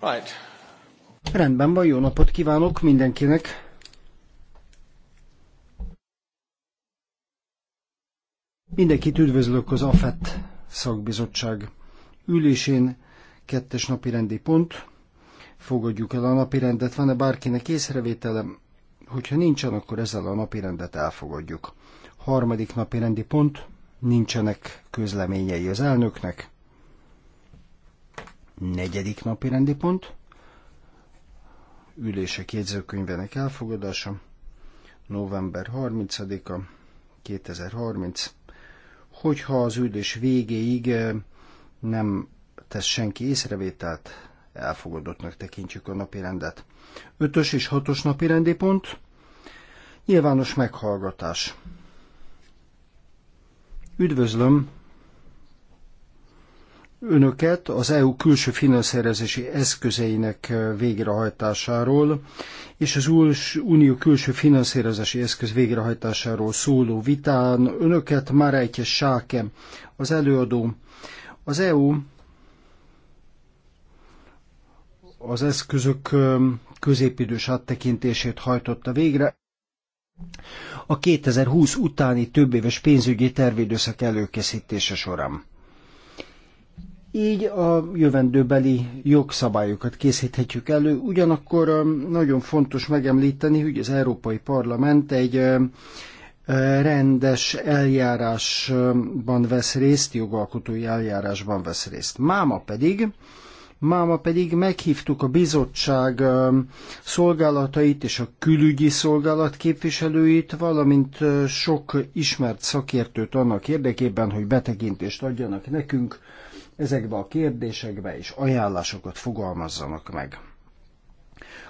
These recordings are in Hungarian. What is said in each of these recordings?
Right. Rendben van, jó napot kívánok mindenkinek! Mindenkit üdvözlök az AFET szakbizottság ülésén, kettes napi rendi pont. Fogadjuk el a napi rendet, van-e bárkinek észrevételem? Hogyha nincsen, akkor ezzel a napi rendet elfogadjuk. Harmadik napi rendi pont, nincsenek közleményei az elnöknek. Negyedik napi rendi pont. Ülések jegyzőkönyvének elfogadása. November 30-a, 2030. Hogyha az ülés végéig eh, nem tesz senki észrevételt, elfogadottnak tekintjük a napirendet. Ötös és hatos napirendi pont. Nyilvános meghallgatás. Üdvözlöm Önöket az EU külső finanszírozási eszközeinek végrehajtásáról és az Unió külső finanszírozási eszköz végrehajtásáról szóló vitán. Önöket már egy Sáke, az előadó. Az EU az eszközök középidős áttekintését hajtotta végre a 2020 utáni többéves pénzügyi tervidőszak előkészítése során. Így a jövendőbeli jogszabályokat készíthetjük elő, ugyanakkor um, nagyon fontos megemlíteni, hogy az Európai Parlament egy um, rendes eljárásban vesz részt, jogalkotói eljárásban vesz részt. Máma pedig Máma pedig meghívtuk a bizottság um, szolgálatait és a külügyi szolgálat képviselőit, valamint uh, sok ismert szakértőt annak érdekében, hogy betekintést adjanak nekünk ezekbe a kérdésekbe, és ajánlásokat fogalmazzanak meg.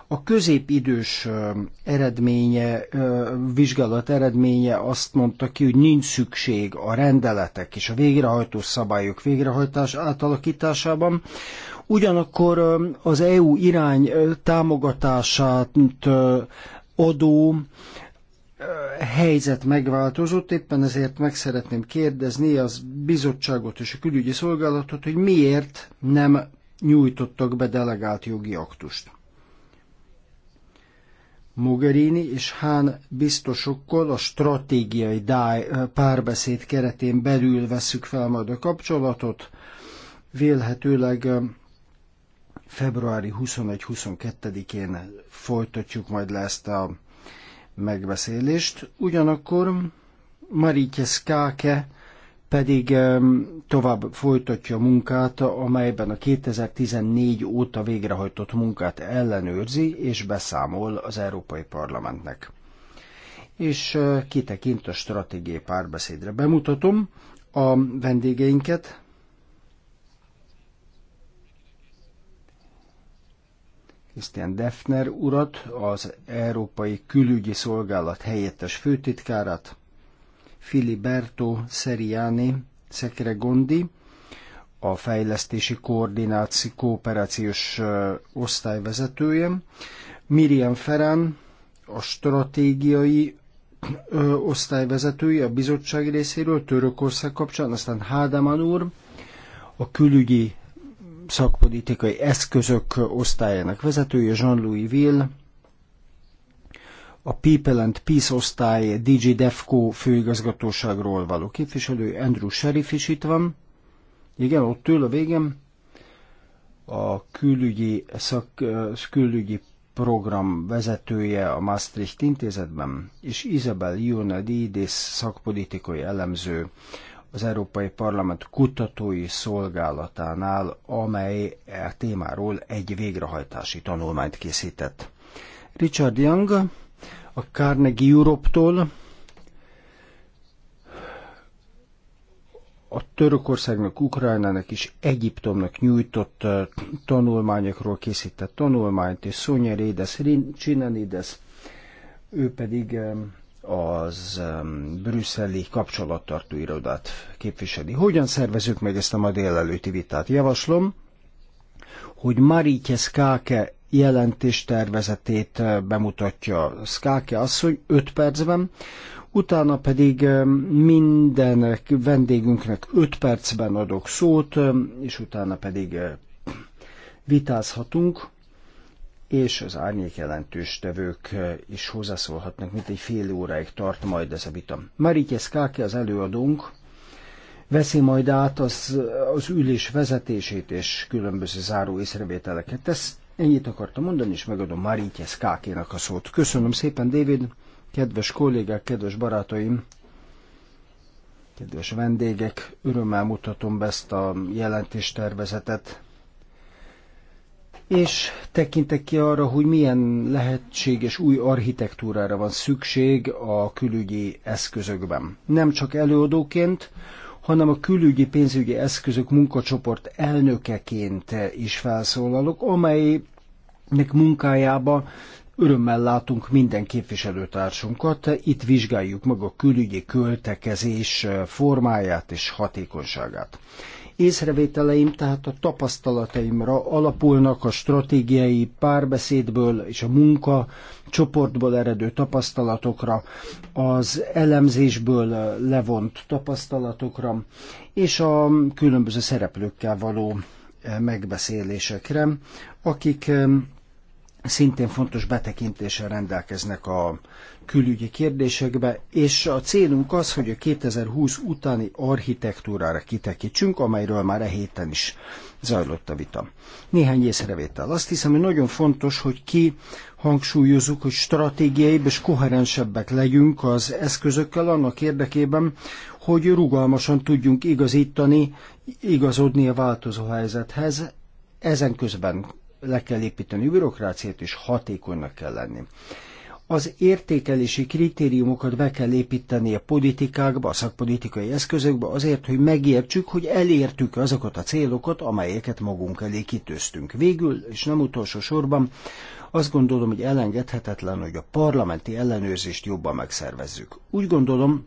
A középidős um, eredménye, uh, vizsgálat eredménye azt mondta ki, hogy nincs szükség a rendeletek és a végrehajtó szabályok végrehajtás átalakításában. Ugyanakkor az EU irány támogatását adó helyzet megváltozott, éppen ezért meg szeretném kérdezni az bizottságot és a külügyi szolgálatot, hogy miért nem nyújtottak be delegált jogi aktust. Mogherini és Hán biztosokkal a stratégiai dáj párbeszéd keretén belül veszük fel majd a kapcsolatot. Vélhetőleg februári 21-22-én folytatjuk majd le ezt a megbeszélést. Ugyanakkor Marítje Skáke pedig tovább folytatja a munkát, amelyben a 2014 óta végrehajtott munkát ellenőrzi és beszámol az Európai Parlamentnek. És eh, kitekint a stratégiai párbeszédre. Bemutatom a vendégeinket, Christian Defner urat, az Európai Külügyi Szolgálat helyettes főtitkárát, Filiberto Seriani Szekregondi, a fejlesztési koordináció kooperációs osztályvezetője, Miriam Ferán, a stratégiai ö, osztályvezetője a bizottság részéről Törökország kapcsán, aztán Hádeman úr, a külügyi szakpolitikai eszközök osztályának vezetője, Jean-Louis Ville, a People and Peace osztály DG DEFCO főigazgatóságról való képviselő, Andrew Sheriff is itt van. Igen, ott ül a végem. A külügyi, szak, külügyi program vezetője a Maastricht intézetben, és Isabel Ionadidis szakpolitikai elemző az Európai Parlament kutatói szolgálatánál, amely a e témáról egy végrehajtási tanulmányt készített. Richard Young a Carnegie Europe-tól a Törökországnak, Ukrajnának és Egyiptomnak nyújtott tanulmányokról készített tanulmányt, és Szonya Rédes Csinanides, ő pedig az um, brüsszeli kapcsolattartó irodát képviseli. Hogyan szervezünk meg ezt a ma délelőtti vitát? Javaslom, hogy Marike Skáke jelentéstervezetét bemutatja Skáke asszony 5 percben, utána pedig minden vendégünknek 5 percben adok szót, és utána pedig eh, vitázhatunk és az árnyék jelentős tevők eh, is hozzászólhatnak, mint egy fél óráig tart majd ez a vita. Marike Skáke az előadónk, veszi majd át az, az ülés vezetését és különböző záró észrevételeket Ez Ennyit akartam mondani, és megadom Marike Szkákénak a szót. Köszönöm szépen, David, kedves kollégák, kedves barátaim, kedves vendégek, örömmel mutatom be ezt a jelentéstervezetet és tekintek ki arra, hogy milyen lehetséges új architektúrára van szükség a külügyi eszközökben. Nem csak előadóként, hanem a külügyi pénzügyi eszközök munkacsoport elnökeként is felszólalok, amelynek munkájába örömmel látunk minden képviselőtársunkat. Itt vizsgáljuk meg a külügyi költekezés formáját és hatékonyságát észrevételeim tehát a tapasztalataimra alapulnak a stratégiai párbeszédből és a munka csoportból eredő tapasztalatokra, az elemzésből levont tapasztalatokra, és a különböző szereplőkkel való megbeszélésekre, akik szintén fontos betekintéssel rendelkeznek a külügyi kérdésekbe, és a célunk az, hogy a 2020 utáni architektúrára kitekítsünk, amelyről már e héten is zajlott a vita. Néhány észrevétel. Azt hiszem, hogy nagyon fontos, hogy ki hangsúlyozzuk, hogy stratégiai és koherensebbek legyünk az eszközökkel annak érdekében, hogy rugalmasan tudjunk igazítani, igazodni a változó helyzethez, ezen közben le kell építeni a bürokráciát, és hatékonynak kell lenni. Az értékelési kritériumokat be kell építeni a politikákba, a szakpolitikai eszközökbe azért, hogy megértsük, hogy elértük azokat a célokat, amelyeket magunk elé kitőztünk. Végül, és nem utolsó sorban, azt gondolom, hogy elengedhetetlen, hogy a parlamenti ellenőrzést jobban megszervezzük. Úgy gondolom,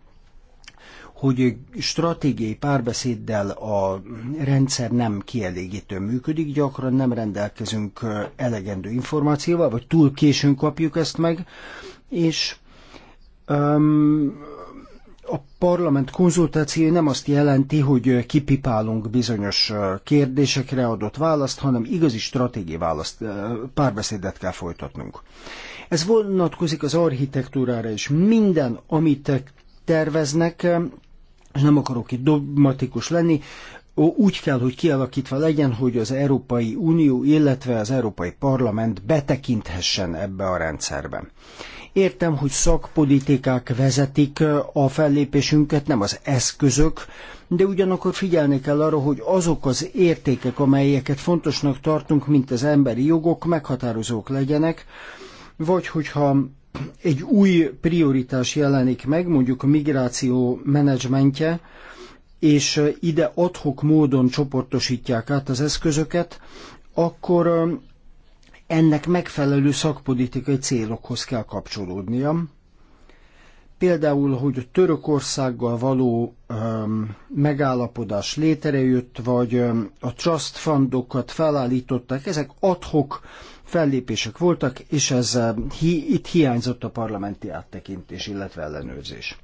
hogy stratégiai párbeszéddel a rendszer nem kielégítő működik, gyakran nem rendelkezünk elegendő információval, vagy túl későn kapjuk ezt meg, és um, a parlament konzultáció nem azt jelenti, hogy kipipálunk bizonyos kérdésekre adott választ, hanem igazi stratégiai választ, párbeszédet kell folytatnunk. Ez vonatkozik az architektúrára is. Minden, amit terveznek, és nem akarok itt dogmatikus lenni, úgy kell, hogy kialakítva legyen, hogy az Európai Unió, illetve az Európai Parlament betekinthessen ebbe a rendszerbe. Értem, hogy szakpolitikák vezetik a fellépésünket, nem az eszközök, de ugyanakkor figyelni kell arra, hogy azok az értékek, amelyeket fontosnak tartunk, mint az emberi jogok, meghatározók legyenek, vagy hogyha egy új prioritás jelenik meg, mondjuk a migráció menedzsmentje, és ide adhok módon csoportosítják át az eszközöket, akkor ennek megfelelő szakpolitikai célokhoz kell kapcsolódnia. Például, hogy a Törökországgal való öm, megállapodás létrejött, vagy öm, a trust fundokat felállították, ezek adhok fellépések voltak, és ez, eh, hi, itt hiányzott a parlamenti áttekintés, illetve ellenőrzés.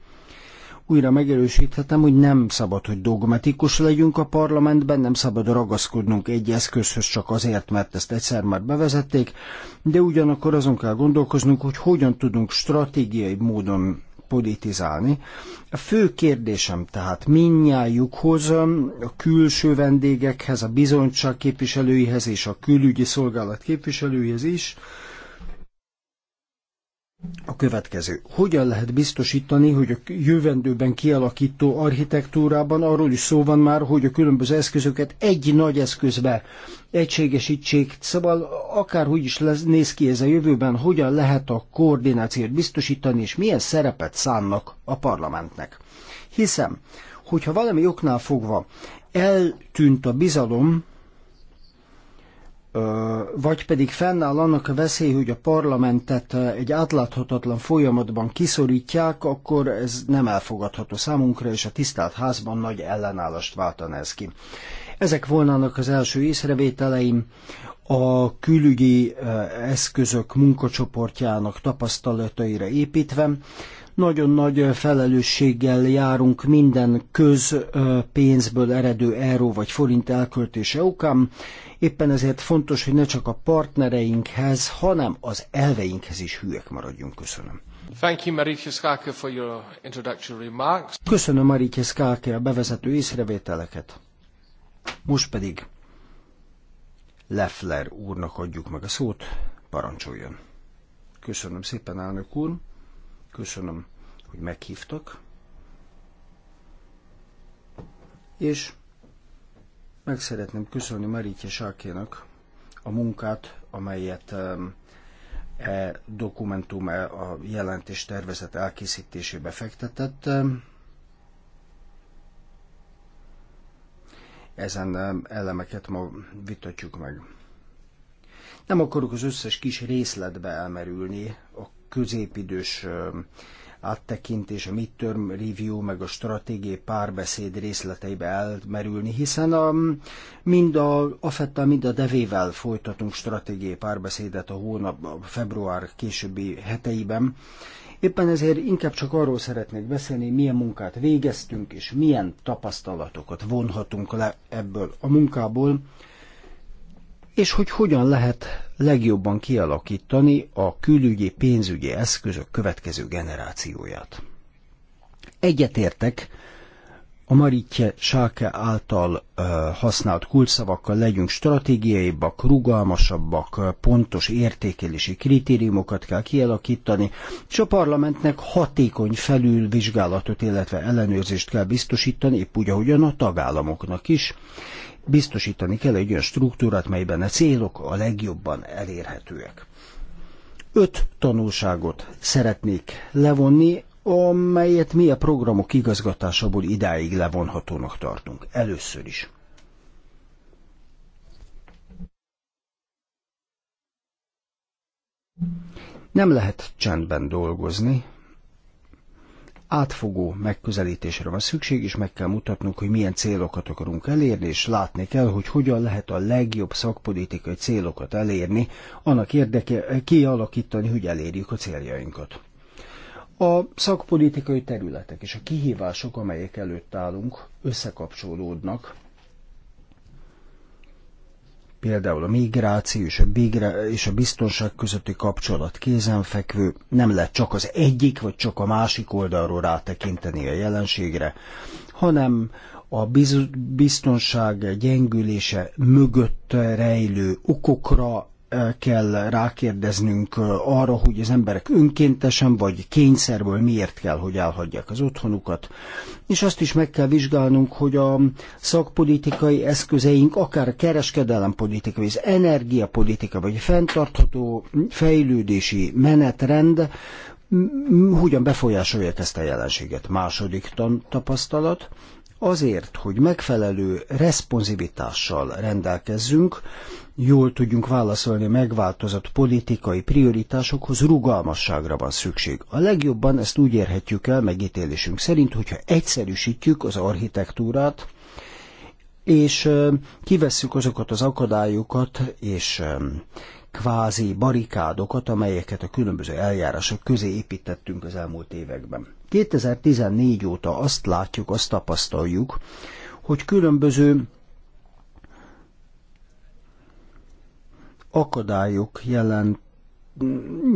Újra megerősíthetem, hogy nem szabad, hogy dogmatikus legyünk a parlamentben, nem szabad ragaszkodnunk egy eszközhöz csak azért, mert ezt egyszer már bevezették, de ugyanakkor azon kell gondolkoznunk, hogy hogyan tudunk stratégiai módon politizálni. A fő kérdésem tehát minnyájukhoz, a külső vendégekhez, a bizonyság képviselőihez és a külügyi szolgálat képviselőihez is, a következő. Hogyan lehet biztosítani, hogy a jövendőben kialakító architektúrában arról is szó van már, hogy a különböző eszközöket egy nagy eszközbe egységesítsék. Szóval akárhogy is lesz, néz ki ez a jövőben, hogyan lehet a koordinációt biztosítani, és milyen szerepet szánnak a parlamentnek. Hiszem, hogyha valami oknál fogva eltűnt a bizalom vagy pedig fennáll annak a veszély, hogy a parlamentet egy átláthatatlan folyamatban kiszorítják, akkor ez nem elfogadható számunkra, és a tisztelt házban nagy ellenállást váltana ez ki. Ezek volnának az első észrevételeim a külügyi eszközök munkacsoportjának tapasztalataira építve. Nagyon nagy felelősséggel járunk minden közpénzből eredő euró vagy forint elköltése okán. Éppen ezért fontos, hogy ne csak a partnereinkhez, hanem az elveinkhez is hűek maradjunk. Köszönöm. Thank you, Marike Skake, for your introductory remarks. Köszönöm Marike Skake a bevezető észrevételeket. Most pedig Leffler úrnak adjuk meg a szót, parancsoljon. Köszönöm szépen, elnök úr. Köszönöm, hogy meghívtak. És meg szeretném köszönni Marítja Sákénak a munkát, amelyet e dokumentum, e a jelentés tervezet elkészítésébe fektetett. Ezen elemeket ma vitatjuk meg. Nem akarok az összes kis részletbe elmerülni a középidős áttekintés, a midterm review, meg a stratégiai párbeszéd részleteibe elmerülni, hiszen a, mind a afetta, mind a devével folytatunk stratégiai párbeszédet a hónap, a február későbbi heteiben. Éppen ezért inkább csak arról szeretnék beszélni, milyen munkát végeztünk, és milyen tapasztalatokat vonhatunk le ebből a munkából, és hogy hogyan lehet legjobban kialakítani a külügyi pénzügyi eszközök következő generációját. Egyetértek a Maritje Sáke által uh, használt kulcsszavakkal legyünk stratégiaibbak, rugalmasabbak, pontos értékelési kritériumokat kell kialakítani, és a parlamentnek hatékony felülvizsgálatot, illetve ellenőrzést kell biztosítani, épp úgy, ahogyan a tagállamoknak is, Biztosítani kell egy olyan struktúrát, melyben a célok a legjobban elérhetőek. Öt tanulságot szeretnék levonni, amelyet mi a programok igazgatásából idáig levonhatónak tartunk. Először is. Nem lehet csendben dolgozni, átfogó megközelítésre van szükség, és meg kell mutatnunk, hogy milyen célokat akarunk elérni, és látni kell, hogy hogyan lehet a legjobb szakpolitikai célokat elérni, annak érdeke kialakítani, hogy elérjük a céljainkat. A szakpolitikai területek és a kihívások, amelyek előtt állunk, összekapcsolódnak, például a migráció és a, bigra, és a biztonság közötti kapcsolat kézenfekvő, nem lehet csak az egyik vagy csak a másik oldalról rátekinteni a jelenségre, hanem a biztonság gyengülése mögött rejlő okokra kell rákérdeznünk arra, hogy az emberek önkéntesen vagy kényszerből miért kell, hogy elhagyják az otthonukat. És azt is meg kell vizsgálnunk, hogy a szakpolitikai eszközeink, akár a kereskedelempolitika, vagy az energiapolitika, vagy a fenntartható fejlődési menetrend, hogyan befolyásolják ezt a jelenséget. Második tapasztalat, azért, hogy megfelelő responsivitással rendelkezzünk, jól tudjunk válaszolni a megváltozott politikai prioritásokhoz, rugalmasságra van szükség. A legjobban ezt úgy érhetjük el megítélésünk szerint, hogyha egyszerűsítjük az architektúrát, és kivesszük azokat az akadályokat és kvázi barikádokat, amelyeket a különböző eljárások közé építettünk az elmúlt években. 2014 óta azt látjuk, azt tapasztaljuk, hogy különböző akadályok jelent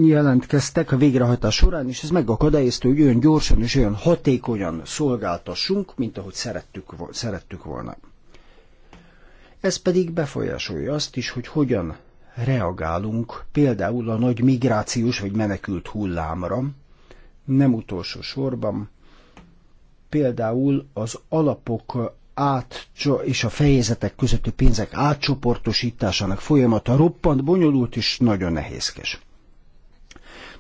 jelentkeztek a végrehajtás során, és ez megakadályozta, hogy olyan gyorsan és olyan hatékonyan szolgáltassunk, mint ahogy szerettük, szerettük volna. Ez pedig befolyásolja azt is, hogy hogyan reagálunk például a nagy migrációs vagy menekült hullámra, nem utolsó sorban, például az alapok át és a fejezetek közötti pénzek átcsoportosításának folyamata roppant bonyolult és nagyon nehézkes.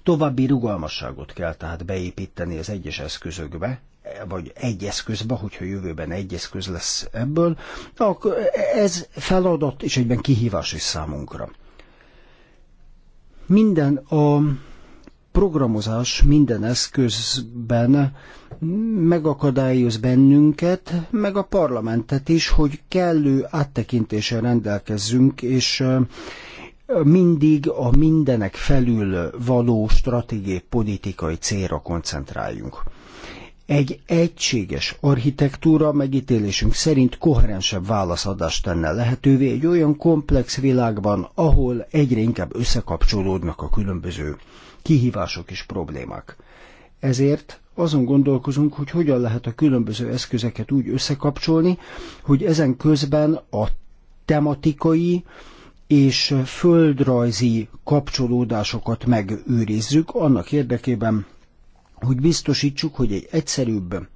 További rugalmasságot kell tehát beépíteni az egyes eszközökbe, vagy egy eszközbe, hogyha jövőben egy eszköz lesz ebből, akkor ez feladat és egyben kihívás is számunkra. Minden a programozás minden eszközben megakadályoz bennünket, meg a parlamentet is, hogy kellő áttekintéssel rendelkezzünk, és mindig a mindenek felül való stratégiai politikai célra koncentráljunk. Egy egységes architektúra megítélésünk szerint koherensebb válaszadást tenne lehetővé egy olyan komplex világban, ahol egyre inkább összekapcsolódnak a különböző kihívások és problémák. Ezért azon gondolkozunk, hogy hogyan lehet a különböző eszközeket úgy összekapcsolni, hogy ezen közben a tematikai és földrajzi kapcsolódásokat megőrizzük annak érdekében, hogy biztosítsuk, hogy egy egyszerűbb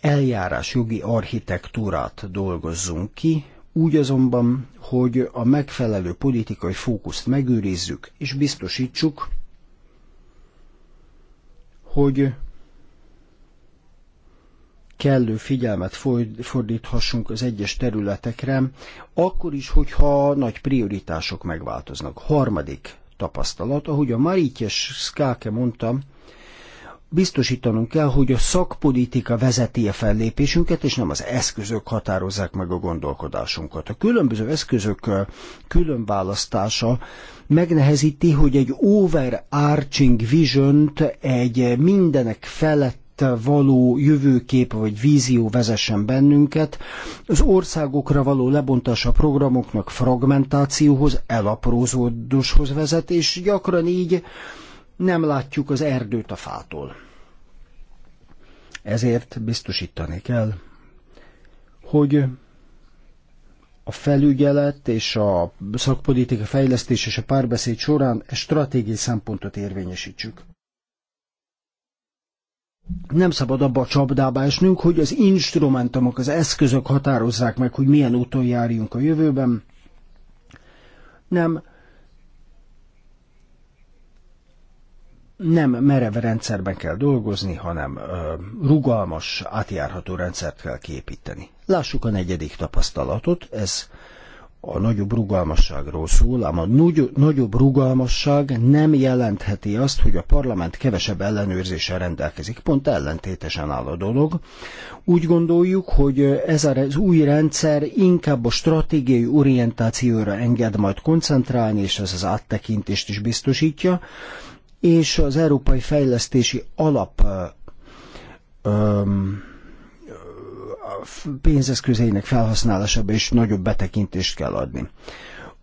eljárásjogi architektúrát dolgozzunk ki, úgy azonban, hogy a megfelelő politikai fókuszt megőrizzük és biztosítsuk, hogy kellő figyelmet fordíthassunk az egyes területekre, akkor is, hogyha nagy prioritások megváltoznak. Harmadik tapasztalat, ahogy a Marítjes Skáke mondta, biztosítanunk kell, hogy a szakpolitika vezeti a fellépésünket, és nem az eszközök határozzák meg a gondolkodásunkat. A különböző eszközök különválasztása megnehezíti, hogy egy overarching vision egy mindenek felett való jövőkép vagy vízió vezessen bennünket, az országokra való lebontása a programoknak fragmentációhoz, elaprózódáshoz vezet, és gyakran így nem látjuk az erdőt a fától. Ezért biztosítani kell, hogy a felügyelet és a szakpolitika fejlesztés és a párbeszéd során stratégiai szempontot érvényesítsük. Nem szabad abba a csapdába esnünk, hogy az instrumentumok, az eszközök határozzák meg, hogy milyen úton járjunk a jövőben. Nem, nem merev rendszerben kell dolgozni, hanem ö, rugalmas, átjárható rendszert kell képíteni. Lássuk a negyedik tapasztalatot, ez a nagyobb rugalmasságról szól, ám a nagyobb rugalmasság nem jelentheti azt, hogy a parlament kevesebb ellenőrzéssel rendelkezik. Pont ellentétesen áll a dolog. Úgy gondoljuk, hogy ez az új rendszer inkább a stratégiai orientációra enged majd koncentrálni, és ez az áttekintést is biztosítja és az Európai Fejlesztési Alap pénzeszközeinek felhasználásába is nagyobb betekintést kell adni.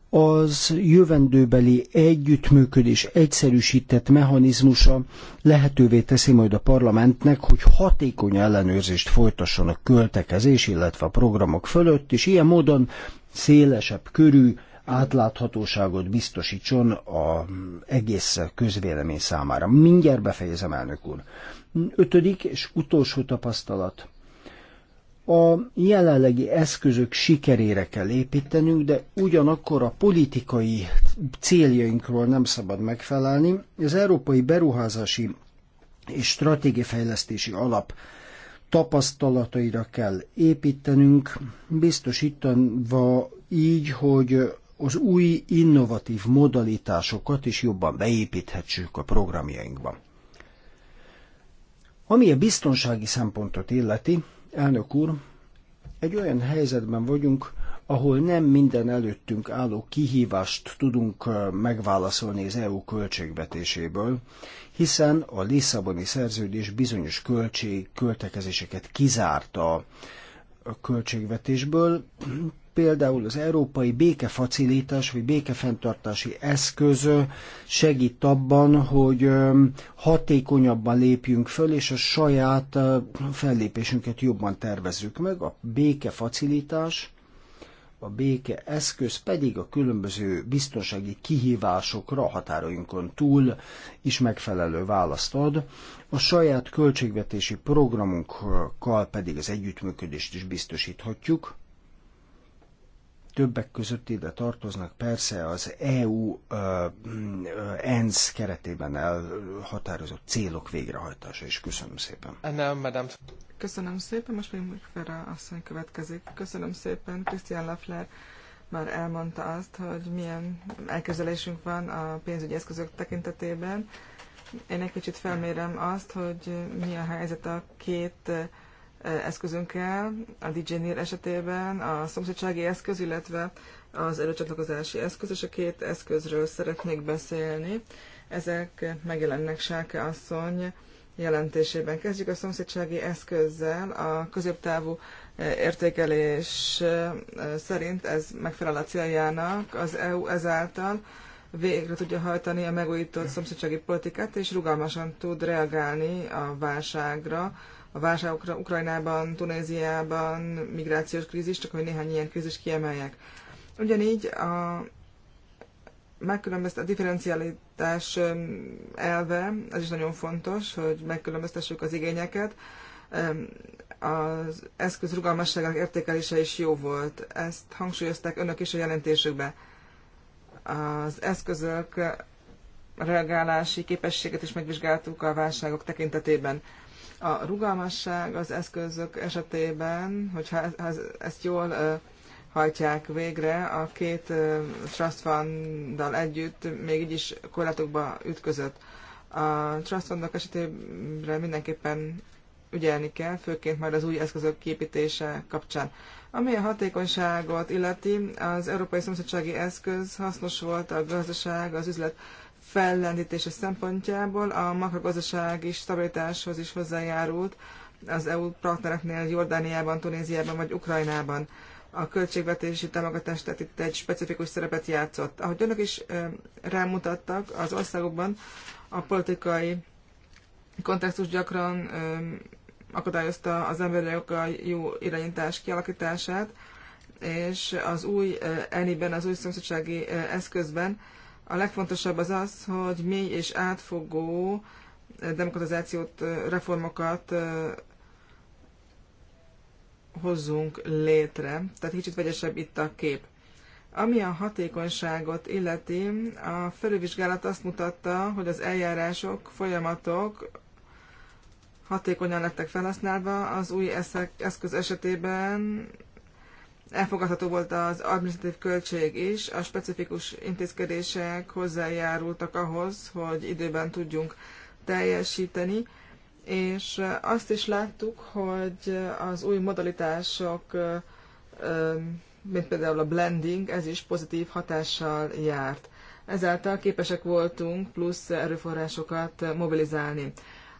Az jövendőbeli együttműködés egyszerűsített mechanizmusa lehetővé teszi majd a parlamentnek, hogy hatékony ellenőrzést folytasson a költekezés, illetve a programok fölött, és ilyen módon szélesebb körű átláthatóságot biztosítson a egész közvélemény számára. Mindjárt befejezem, elnök úr. Ötödik és utolsó tapasztalat. A jelenlegi eszközök sikerére kell építenünk, de ugyanakkor a politikai céljainkról nem szabad megfelelni. Az Európai Beruházási és fejlesztési Alap tapasztalataira kell építenünk, biztosítva így, hogy az új innovatív modalitásokat is jobban beépíthetsük a programjainkba. Ami a biztonsági szempontot illeti, elnök úr, egy olyan helyzetben vagyunk, ahol nem minden előttünk álló kihívást tudunk megválaszolni az EU költségvetéséből, hiszen a Lisszaboni szerződés bizonyos költség, költekezéseket kizárta a költségvetésből, például az Európai Békefacilitás vagy Békefenntartási Eszköz segít abban, hogy hatékonyabban lépjünk föl, és a saját fellépésünket jobban tervezzük meg. A békefacilitás, a béke eszköz pedig a különböző biztonsági kihívásokra a határainkon túl is megfelelő választ ad. A saját költségvetési programunkkal pedig az együttműködést is biztosíthatjuk, Többek között ide tartoznak persze az EU ENSZ keretében elhatározott célok végrehajtása is. Köszönöm szépen. madame. Köszönöm szépen, most még Ferra asszony következik. Köszönöm szépen, Christian Lafler már elmondta azt, hogy milyen elképzelésünk van a pénzügyi eszközök tekintetében. Én egy kicsit felmérem azt, hogy mi a helyzet a két eszközünkkel, a dj esetében a szomszédsági eszköz, illetve az előcsatlakozási eszköz, és a két eszközről szeretnék beszélni. Ezek megjelennek Sáke asszony jelentésében. Kezdjük a szomszédsági eszközzel. A középtávú értékelés szerint ez megfelel a céljának. Az EU ezáltal végre tudja hajtani a megújított szomszédsági politikát, és rugalmasan tud reagálni a válságra, a válságokra Ukrajnában, Tunéziában, migrációs krízis, csak hogy néhány ilyen krízis kiemeljek. Ugyanígy a megkülönböztet a differencialitás elve, ez is nagyon fontos, hogy megkülönböztessük az igényeket. Az eszköz rugalmasságának értékelése is jó volt. Ezt hangsúlyozták önök is a jelentésükbe. Az eszközök reagálási képességet is megvizsgáltuk a válságok tekintetében. A rugalmasság az eszközök esetében, hogyha ezt jól hajtják végre, a két trust funddal együtt még így is korlátokba ütközött. A trust fundok esetében mindenképpen ügyelni kell, főként majd az új eszközök képítése kapcsán. Ami a hatékonyságot illeti, az Európai Szomszédsági Eszköz hasznos volt a gazdaság, az üzlet fellendítése szempontjából a makrogazdasági stabilitáshoz is hozzájárult az EU partnereknél Jordániában, Tunéziában vagy Ukrajnában. A költségvetési támogatás tehát itt egy specifikus szerepet játszott. Ahogy önök is rámutattak, az országokban a politikai kontextus gyakran akadályozta az emberi a jó irányítás kialakítását, és az új ENI-ben, az új szomszédsági eszközben a legfontosabb az az, hogy mély és átfogó eh, demokratizációt, eh, reformokat eh, hozzunk létre. Tehát kicsit vegyesebb itt a kép. Ami a hatékonyságot illeti, a felülvizsgálat azt mutatta, hogy az eljárások, folyamatok hatékonyan lettek felhasználva, az új eszköz esetében elfogadható volt az administratív költség is, a specifikus intézkedések hozzájárultak ahhoz, hogy időben tudjunk teljesíteni, és azt is láttuk, hogy az új modalitások, mint például a blending, ez is pozitív hatással járt. Ezáltal képesek voltunk plusz erőforrásokat mobilizálni.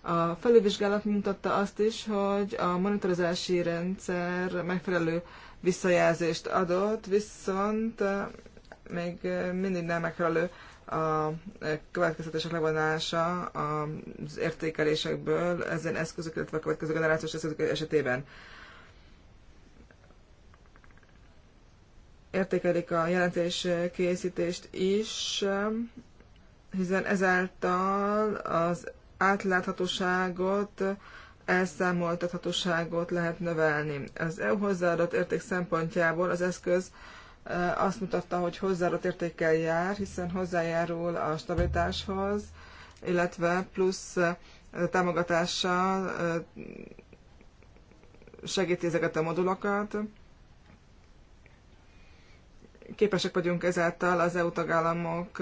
A felülvizsgálat mutatta azt is, hogy a monitorozási rendszer megfelelő visszajelzést adott, viszont még mindig nem megfelelő a következetesek levonása az értékelésekből ezen eszközök, illetve a következő generációs eszközök esetében. Értékelik a jelentés készítést is, hiszen ezáltal az átláthatóságot elszámoltathatóságot lehet növelni. Az EU hozzáadott érték szempontjából az eszköz e, azt mutatta, hogy hozzáadott értékkel jár, hiszen hozzájárul a stabilitáshoz, illetve plusz e, támogatással e, segíti ezeket a modulokat. Képesek vagyunk ezáltal az EU tagállamok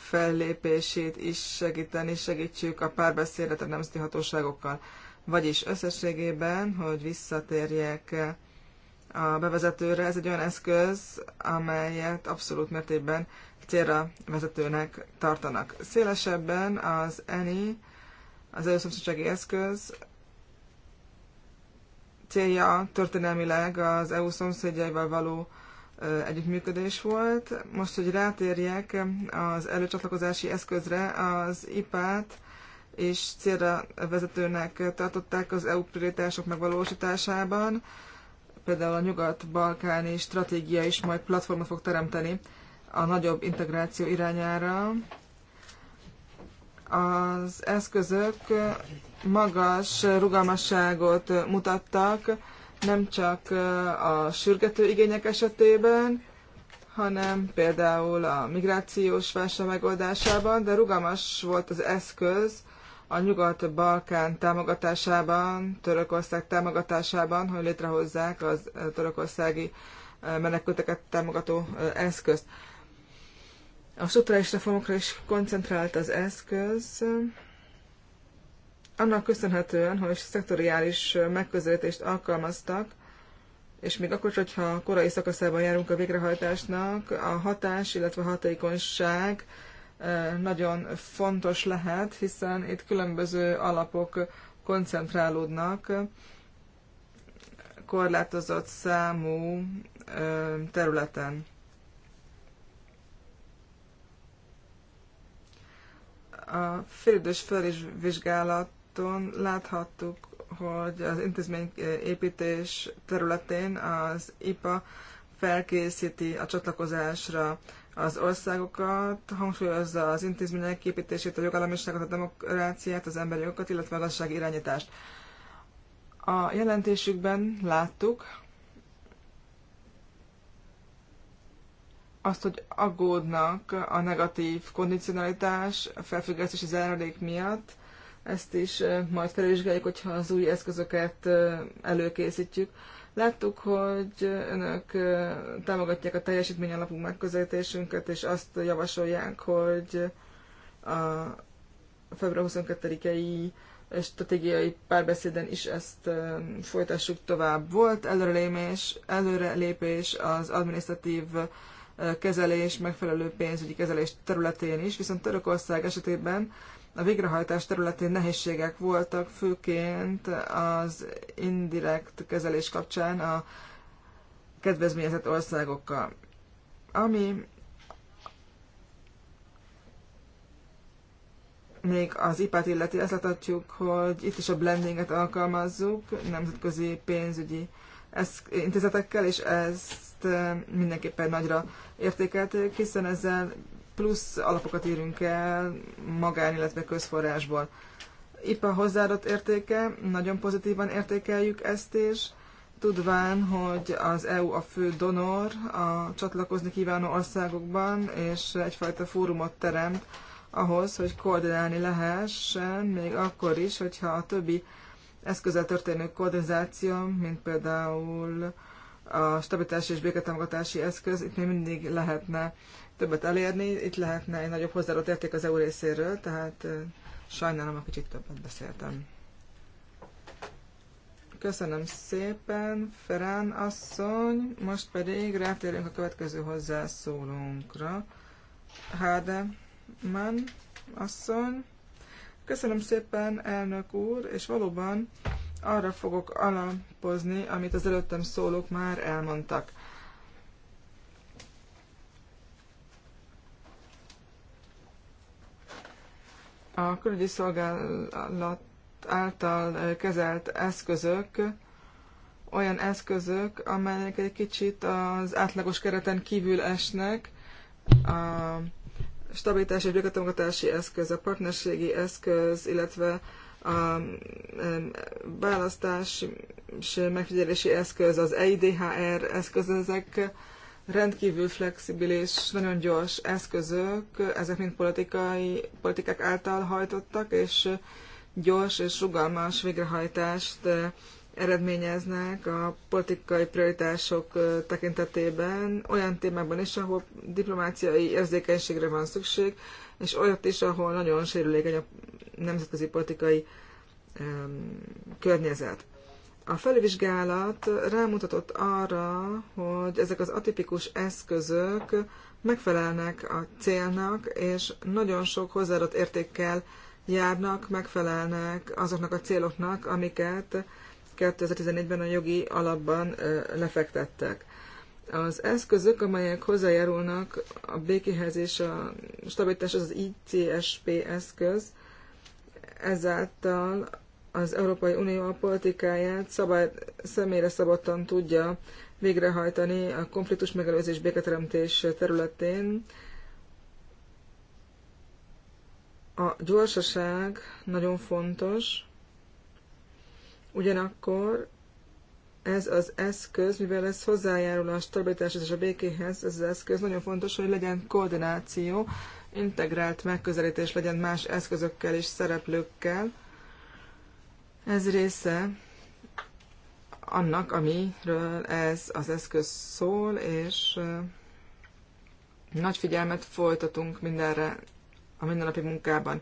fellépését is segíteni, segítsük a párbeszédet a nemzeti hatóságokkal. Vagyis összességében, hogy visszatérjek a bevezetőre, ez egy olyan eszköz, amelyet abszolút mértékben célra vezetőnek tartanak. Szélesebben az ENI, az előszomszédsági eszköz célja történelmileg az EU szomszédjaival való együttműködés volt. Most, hogy rátérjek az előcsatlakozási eszközre, az IPA-t és célra vezetőnek tartották az EU prioritások megvalósításában. Például a nyugat-balkáni stratégia is majd platformot fog teremteni a nagyobb integráció irányára. Az eszközök magas rugalmasságot mutattak, nem csak a sürgető igények esetében, hanem például a migrációs válság megoldásában, de rugalmas volt az eszköz a Nyugat-Balkán támogatásában, Törökország támogatásában, hogy létrehozzák az törökországi menekülteket támogató eszközt. A strukturális reformokra is koncentrált az eszköz, annak köszönhetően, hogy szektoriális megközelítést alkalmaztak, és még akkor, hogyha korai szakaszában járunk a végrehajtásnak, a hatás, illetve a hatékonyság nagyon fontos lehet, hiszen itt különböző alapok koncentrálódnak korlátozott számú területen. A félidős felvizsgálaton láthattuk, hogy az intézményépítés területén az IPA felkészíti a csatlakozásra az országokat, hangsúlyozza az intézmények képítését, a jogállamiságot, a demokráciát, az emberi jogokat, illetve a gazdasági irányítást. A jelentésükben láttuk azt, hogy aggódnak a negatív kondicionalitás, a felfüggesztési záradék miatt, ezt is majd felvizsgáljuk, hogyha az új eszközöket előkészítjük Láttuk, hogy önök támogatják a teljesítmény alapú megközelítésünket, és azt javasolják, hogy a február 22-i stratégiai párbeszéden is ezt folytassuk tovább. Volt előrelépés, előrelépés az administratív kezelés, megfelelő pénzügyi kezelés területén is, viszont Törökország esetében a végrehajtás területén nehézségek voltak, főként az indirekt kezelés kapcsán a kedvezményezett országokkal. Ami még az ipát illeti, ezt láthatjuk, hogy itt is a blendinget alkalmazzuk nemzetközi pénzügyi intézetekkel, és ezt eh, mindenképpen nagyra értékelték, hiszen ezzel plusz alapokat írunk el magán, illetve közforrásból. a hozzáadott értéke, nagyon pozitívan értékeljük ezt is, tudván, hogy az EU a fő donor a csatlakozni kívánó országokban, és egyfajta fórumot teremt ahhoz, hogy koordinálni lehessen, még akkor is, hogyha a többi eszközzel történő koordináció, mint például a stabilitási és béketámogatási eszköz, itt még mindig lehetne többet elérni, itt lehetne egy nagyobb hozzáadott érték az EU részéről, tehát sajnálom, a kicsit többet beszéltem. Köszönöm szépen, Ferán asszony. Most pedig rátérünk a következő hozzászólónkra. Háde Man asszony. Köszönöm szépen, elnök úr, és valóban arra fogok alapozni, amit az előttem szólók már elmondtak. A külügyi szolgálat által kezelt eszközök olyan eszközök, amelyek egy kicsit az átlagos kereten kívül esnek. A stabilitási és béketámogatási eszköz, a partnerségi eszköz, illetve a választás és megfigyelési eszköz, az EIDHR eszköz, ezek rendkívül flexibilis, nagyon gyors eszközök, ezek mind politikai, politikák által hajtottak, és gyors és rugalmas végrehajtást eh, eredményeznek a politikai prioritások eh, tekintetében, olyan témában is, ahol diplomáciai érzékenységre van szükség, és olyat is, ahol nagyon sérülékeny a nemzetközi politikai környezet. A felvizsgálat rámutatott arra, hogy ezek az atipikus eszközök megfelelnek a célnak, és nagyon sok hozzáadott értékkel járnak, megfelelnek azoknak a céloknak, amiket 2014-ben a jogi alapban lefektettek. Az eszközök, amelyek hozzájárulnak a békéhez és a stabilitás, az ICSP eszköz, ezáltal az Európai Unió a politikáját szabály, személyre szabottan tudja végrehajtani a konfliktus megelőzés béketeremtés területén. A gyorsaság nagyon fontos, ugyanakkor ez az eszköz, mivel ez hozzájárul a stabilitáshoz és a békéhez, ez az eszköz nagyon fontos, hogy legyen koordináció, integrált megközelítés legyen más eszközökkel és szereplőkkel, ez része annak, amiről ez az eszköz szól, és nagy figyelmet folytatunk mindenre a mindennapi munkában.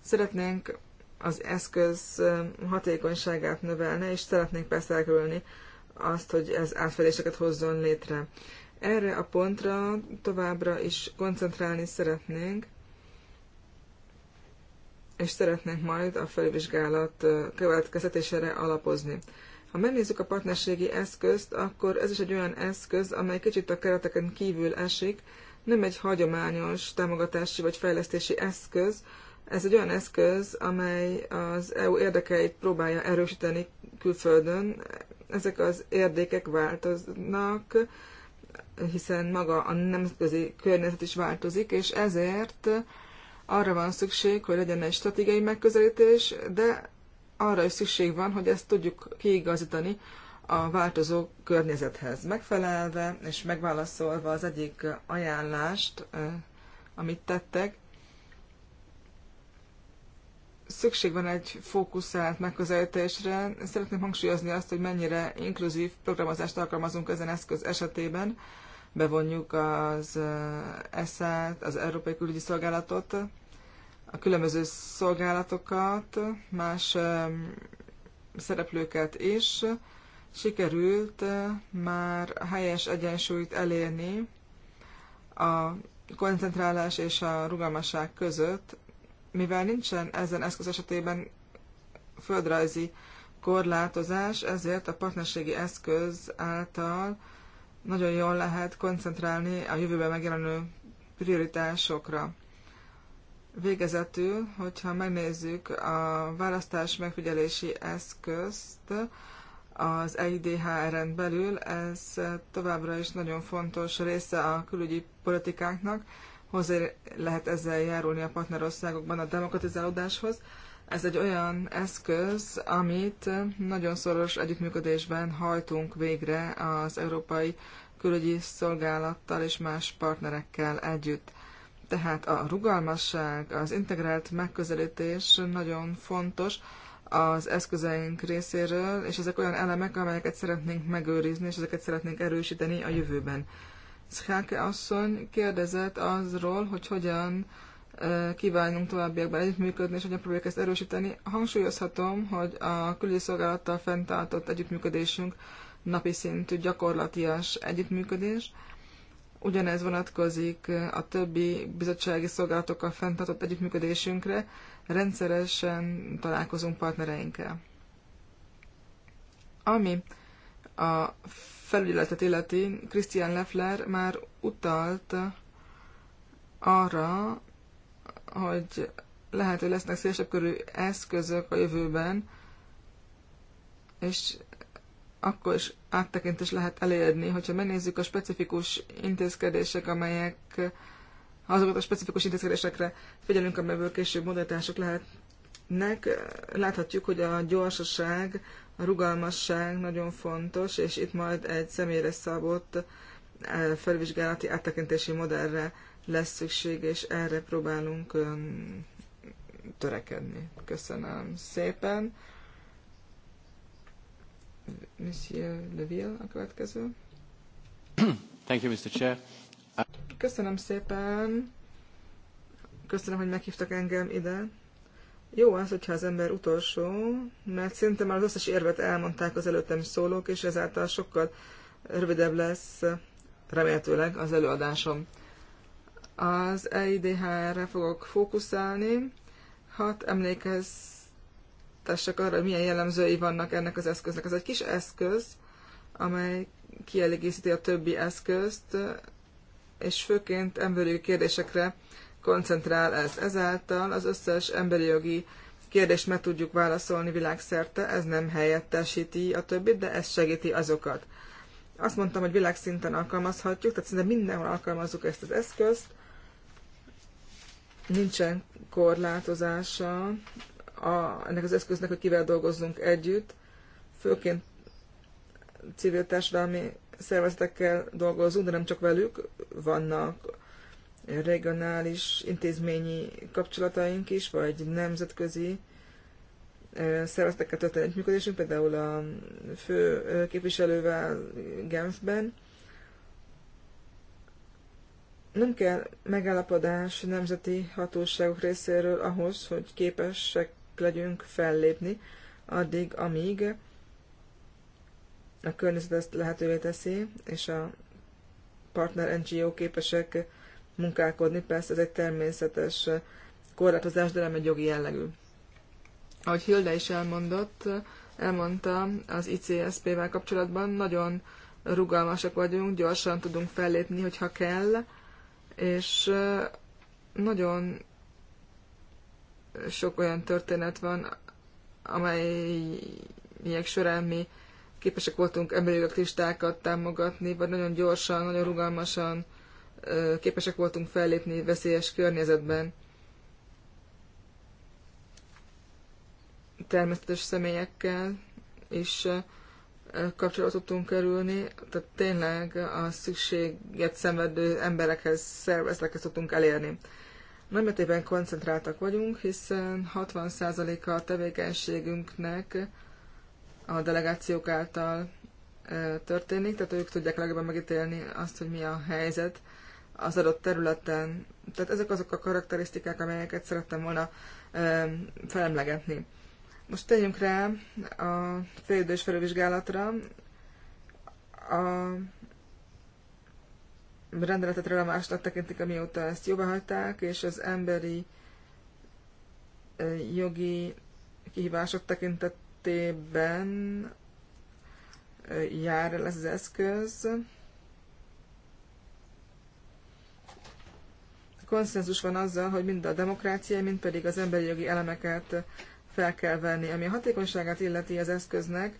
Szeretnénk az eszköz hatékonyságát növelni, és szeretnénk persze elkerülni azt, hogy ez átfedéseket hozzon létre. Erre a pontra továbbra is koncentrálni szeretnénk, és szeretnénk majd a felvizsgálat következtetésére alapozni. Ha megnézzük a partnerségi eszközt, akkor ez is egy olyan eszköz, amely kicsit a kereteken kívül esik, nem egy hagyományos támogatási vagy fejlesztési eszköz, ez egy olyan eszköz, amely az EU érdekeit próbálja erősíteni külföldön. Ezek az érdekek változnak, hiszen maga a nemzetközi környezet is változik, és ezért arra van szükség, hogy legyen egy stratégiai megközelítés, de arra is szükség van, hogy ezt tudjuk kiigazítani a változó környezethez. Megfelelve és megválaszolva az egyik ajánlást, amit tettek, szükség van egy fókuszált megközelítésre. Szeretném hangsúlyozni azt, hogy mennyire inkluzív programozást alkalmazunk ezen eszköz esetében, bevonjuk az ESZ-t, az Európai Külügyi Szolgálatot, a különböző szolgálatokat, más szereplőket is. Sikerült már helyes egyensúlyt elérni a koncentrálás és a rugalmasság között, mivel nincsen ezen eszköz esetében földrajzi korlátozás, ezért a partnerségi eszköz által nagyon jól lehet koncentrálni a jövőben megjelenő prioritásokra. Végezetül, hogyha megnézzük a választás megfigyelési eszközt az EIDHR-en belül, ez továbbra is nagyon fontos része a külügyi politikáknak, hozzá lehet ezzel járulni a partnerországokban a demokratizálódáshoz, ez egy olyan eszköz, amit nagyon szoros együttműködésben hajtunk végre az Európai Külügyi Szolgálattal és más partnerekkel együtt. Tehát a rugalmasság, az integrált megközelítés nagyon fontos az eszközeink részéről, és ezek olyan elemek, amelyeket szeretnénk megőrizni, és ezeket szeretnénk erősíteni a jövőben. Szkáke asszony kérdezett azról, hogy hogyan kívánunk továbbiakban együttműködni, és hogyan próbáljuk ezt erősíteni. Hangsúlyozhatom, hogy a külügyi szolgálattal fenntartott együttműködésünk napi szintű gyakorlatias együttműködés. Ugyanez vonatkozik a többi bizottsági szolgálatokkal fenntartott együttműködésünkre, rendszeresen találkozunk partnereinkkel. Ami a felügyeletet illeti, Christian Leffler már utalt arra, hogy lehet, hogy lesznek szélesebb körű eszközök a jövőben, és akkor is áttekintést lehet elérni. Hogyha megnézzük a specifikus intézkedések, amelyek azokat a specifikus intézkedésekre figyelünk, amelyből később modalitások lehetnek, láthatjuk, hogy a gyorsaság, a rugalmasság nagyon fontos, és itt majd egy személyre szabott eh, felvizsgálati áttekintési modellre lesz szükség, és erre próbálunk törekedni. Köszönöm szépen. Monsieur Leville a következő. Thank you, Mr. Chair. Köszönöm szépen. Köszönöm, hogy meghívtak engem ide. Jó az, hogyha az ember utolsó, mert szinte már az összes érvet elmondták az előttem szólók, és ezáltal sokkal rövidebb lesz remélhetőleg az előadásom. Az eidhr re fogok fókuszálni. Hat emlékeztessek arra, hogy milyen jellemzői vannak ennek az eszköznek. Ez egy kis eszköz, amely kielégíti a többi eszközt, és főként emberi kérdésekre koncentrál ez. Ezáltal az összes emberi jogi kérdést meg tudjuk válaszolni világszerte, ez nem helyettesíti a többit, de ez segíti azokat. Azt mondtam, hogy világszinten alkalmazhatjuk, tehát szinte mindenhol alkalmazzuk ezt az eszközt, nincsen korlátozása a, ennek az eszköznek, hogy kivel dolgozzunk együtt, főként civil társadalmi szervezetekkel dolgozunk, de nem csak velük, vannak regionális intézményi kapcsolataink is, vagy nemzetközi szervezetekkel történő működésünk, például a fő képviselővel Genfben, nem kell megállapodás nemzeti hatóságok részéről ahhoz, hogy képesek legyünk fellépni, addig, amíg a környezet ezt lehetővé teszi, és a partner NGO képesek munkálkodni. Persze ez egy természetes korlátozás, de nem egy jogi jellegű. Ahogy Hilde is elmondott, elmondta az ICSP-vel kapcsolatban, nagyon rugalmasak vagyunk, gyorsan tudunk fellépni, hogyha kell, és nagyon sok olyan történet van, amelyek során mi képesek voltunk emberi listákat támogatni, vagy nagyon gyorsan, nagyon rugalmasan képesek voltunk fellépni veszélyes környezetben. Természetes személyekkel is Kapcsolatot tudunk kerülni, tehát tényleg a szükséget szenvedő emberekhez, szervezetekhez tudtunk elérni. Nagymetében koncentráltak vagyunk, hiszen 60%-a a tevékenységünknek a delegációk által e, történik, tehát ők tudják legjobban megítélni azt, hogy mi a helyzet az adott területen. Tehát ezek azok a karakterisztikák, amelyeket szerettem volna e, felemlegetni. Most tegyünk rá a félidős felvizsgálatra. A rendeletet relevánsnak tekintik, amióta ezt jóvá hagyták, és az emberi jogi kihívások tekintetében jár el ez az eszköz. Konszenzus van azzal, hogy mind a demokrácia, mind pedig az emberi jogi elemeket fel kell venni. Ami a hatékonyságát illeti az eszköznek,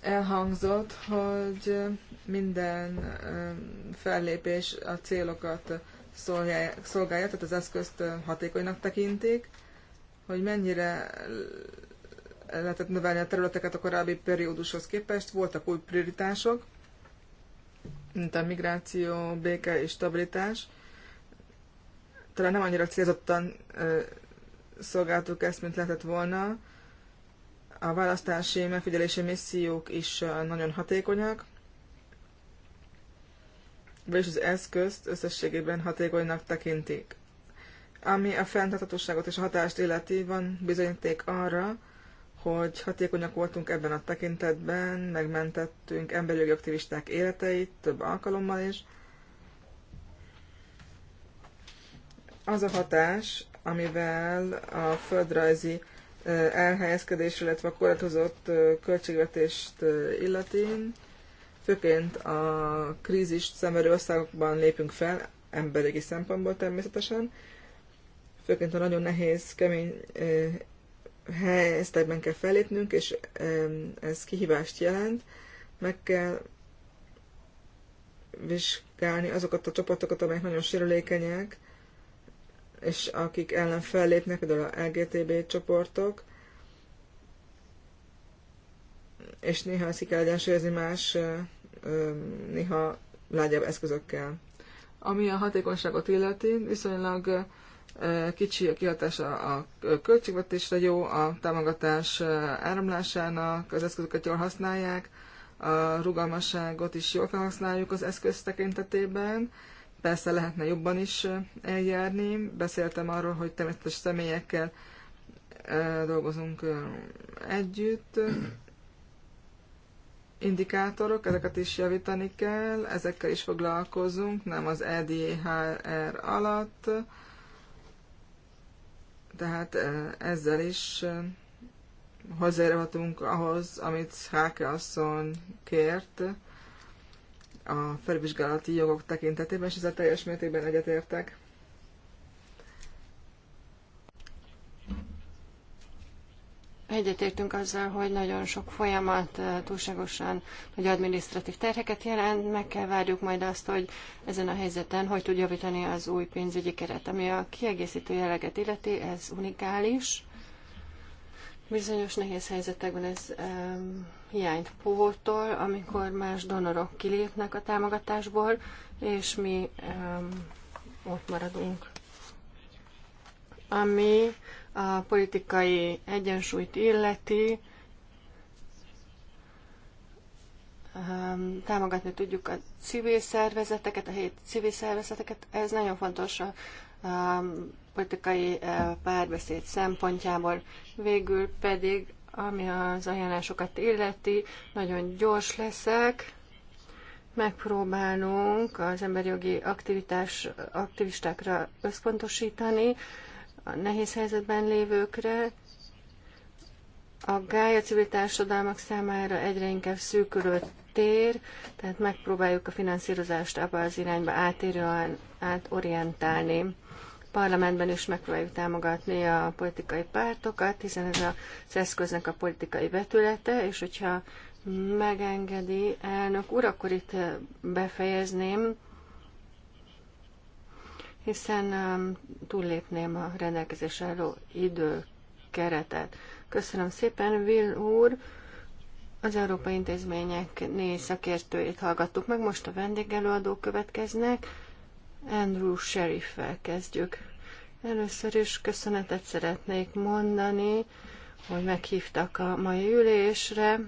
elhangzott, hogy minden um, fellépés a célokat szolgálja, tehát az eszközt um, hatékonynak tekintik, hogy mennyire lehetett növelni a területeket a korábbi periódushoz képest, voltak új prioritások, mint a migráció, béke és stabilitás. Talán nem annyira célzottan szolgáltuk ezt, mint lehetett volna. A választási megfigyelési missziók is nagyon hatékonyak, vagyis az eszközt összességében hatékonynak tekintik. Ami a fenntarthatóságot és a hatást illeti, van bizonyíték arra, hogy hatékonyak voltunk ebben a tekintetben, megmentettünk emberi jogi aktivisták életeit több alkalommal is. Az a hatás, amivel a földrajzi elhelyezkedés, illetve a korlátozott költségvetést illeti. Főként a krízist szemverő országokban lépünk fel, emberi szempontból természetesen. Főként a nagyon nehéz, kemény helyzetekben kell fellépnünk, és ez kihívást jelent. Meg kell vizsgálni azokat a csoportokat, amelyek nagyon sérülékenyek, és akik ellen fellépnek, például a LGTB csoportok, és néha ezt ki kell egyensúlyozni más, néha lágyabb eszközökkel. Ami a hatékonyságot illeti, viszonylag kicsi a kihatás a költségvetésre, jó a támogatás áramlásának, az eszközöket jól használják, a rugalmasságot is jól felhasználjuk az eszköz tekintetében, Persze lehetne jobban is eljárni. Beszéltem arról, hogy természetes személyekkel dolgozunk együtt. Indikátorok, ezeket is javítani kell, ezekkel is foglalkozunk, nem az EDHR alatt, tehát ezzel is hozzájárulhatunk ahhoz, amit Háke asszony kért, a felvizsgálati jogok tekintetében, és ezzel teljes mértékben egyetértek. Egyetértünk azzal, hogy nagyon sok folyamat eh, túlságosan nagy adminisztratív terheket jelent, meg kell várjuk majd azt, hogy ezen a helyzeten hogy tud javítani az új pénzügyi keret, ami a kiegészítő jelleget illeti, ez unikális. Bizonyos nehéz helyzetekben ez um, hiányt pótol, amikor más donorok kilépnek a támogatásból, és mi um, ott maradunk. Ami a politikai egyensúlyt illeti, támogatni tudjuk a civil szervezeteket, a helyi civil szervezeteket. Ez nagyon fontos a politikai párbeszéd szempontjából. Végül pedig, ami az ajánlásokat illeti, nagyon gyors leszek. Megpróbálunk az emberi jogi aktivitás, aktivistákra összpontosítani, a nehéz helyzetben lévőkre, a gája civil társadalmak számára egyre inkább szűkülő tér, tehát megpróbáljuk a finanszírozást abba az irányba átérően átorientálni parlamentben is megpróbáljuk támogatni a politikai pártokat, hiszen ez az eszköznek a politikai vetülete, és hogyha megengedi elnök úr, akkor itt befejezném, hiszen túllépném a rendelkezés álló időkeretet. Köszönöm szépen, Will úr! Az Európai Intézmények négy szakértőjét hallgattuk meg, most a vendégelőadók következnek. Andrew Sheriff-fel kezdjük. Először is köszönetet szeretnék mondani, hogy meghívtak a mai ülésre.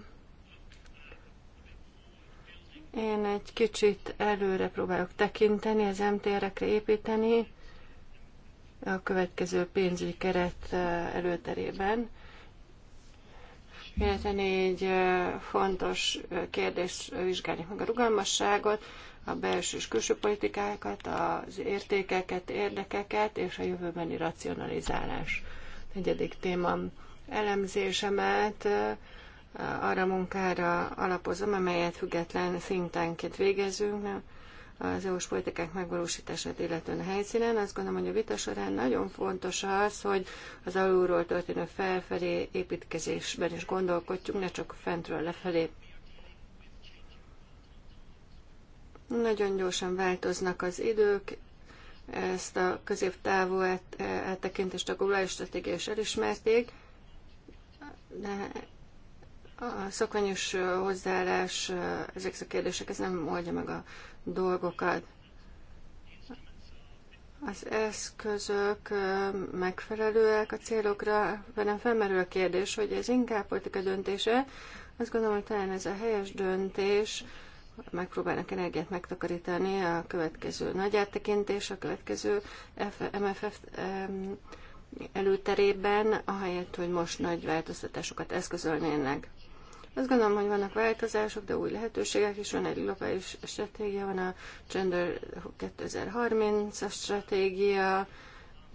Én egy kicsit előre próbálok tekinteni, az MTR-ekre építeni a következő pénzügyi keret előterében, illetve négy fontos kérdés vizsgálni meg a rugalmasságot, a belső és külső politikákat, az értékeket, érdekeket és a jövőbeni racionalizálás. Negyedik téma elemzésemet arra munkára alapozom, amelyet független szintenként végezünk az EU-s politikák megvalósítását illetően a helyszínen. Azt gondolom, hogy a vita során nagyon fontos az, hogy az alulról történő felfelé építkezésben is gondolkodjunk, ne csak fentről lefelé Nagyon gyorsan változnak az idők, ezt a középtávú áttekintést a globális stratégia is elismerték, de a szokványos hozzáállás ezek a kérdések, ez nem oldja meg a dolgokat. Az eszközök megfelelőek a célokra, velem felmerül a kérdés, hogy ez inkább politika döntése. Azt gondolom, hogy talán ez a helyes döntés, megpróbálnak energiát megtakarítani, a következő nagy áttekintés, a következő MFF előterében, ahelyett, hogy most nagy változtatásokat eszközölnének. Azt gondolom, hogy vannak változások, de új lehetőségek is van, egy globális stratégia van, a Gender 2030-as stratégia,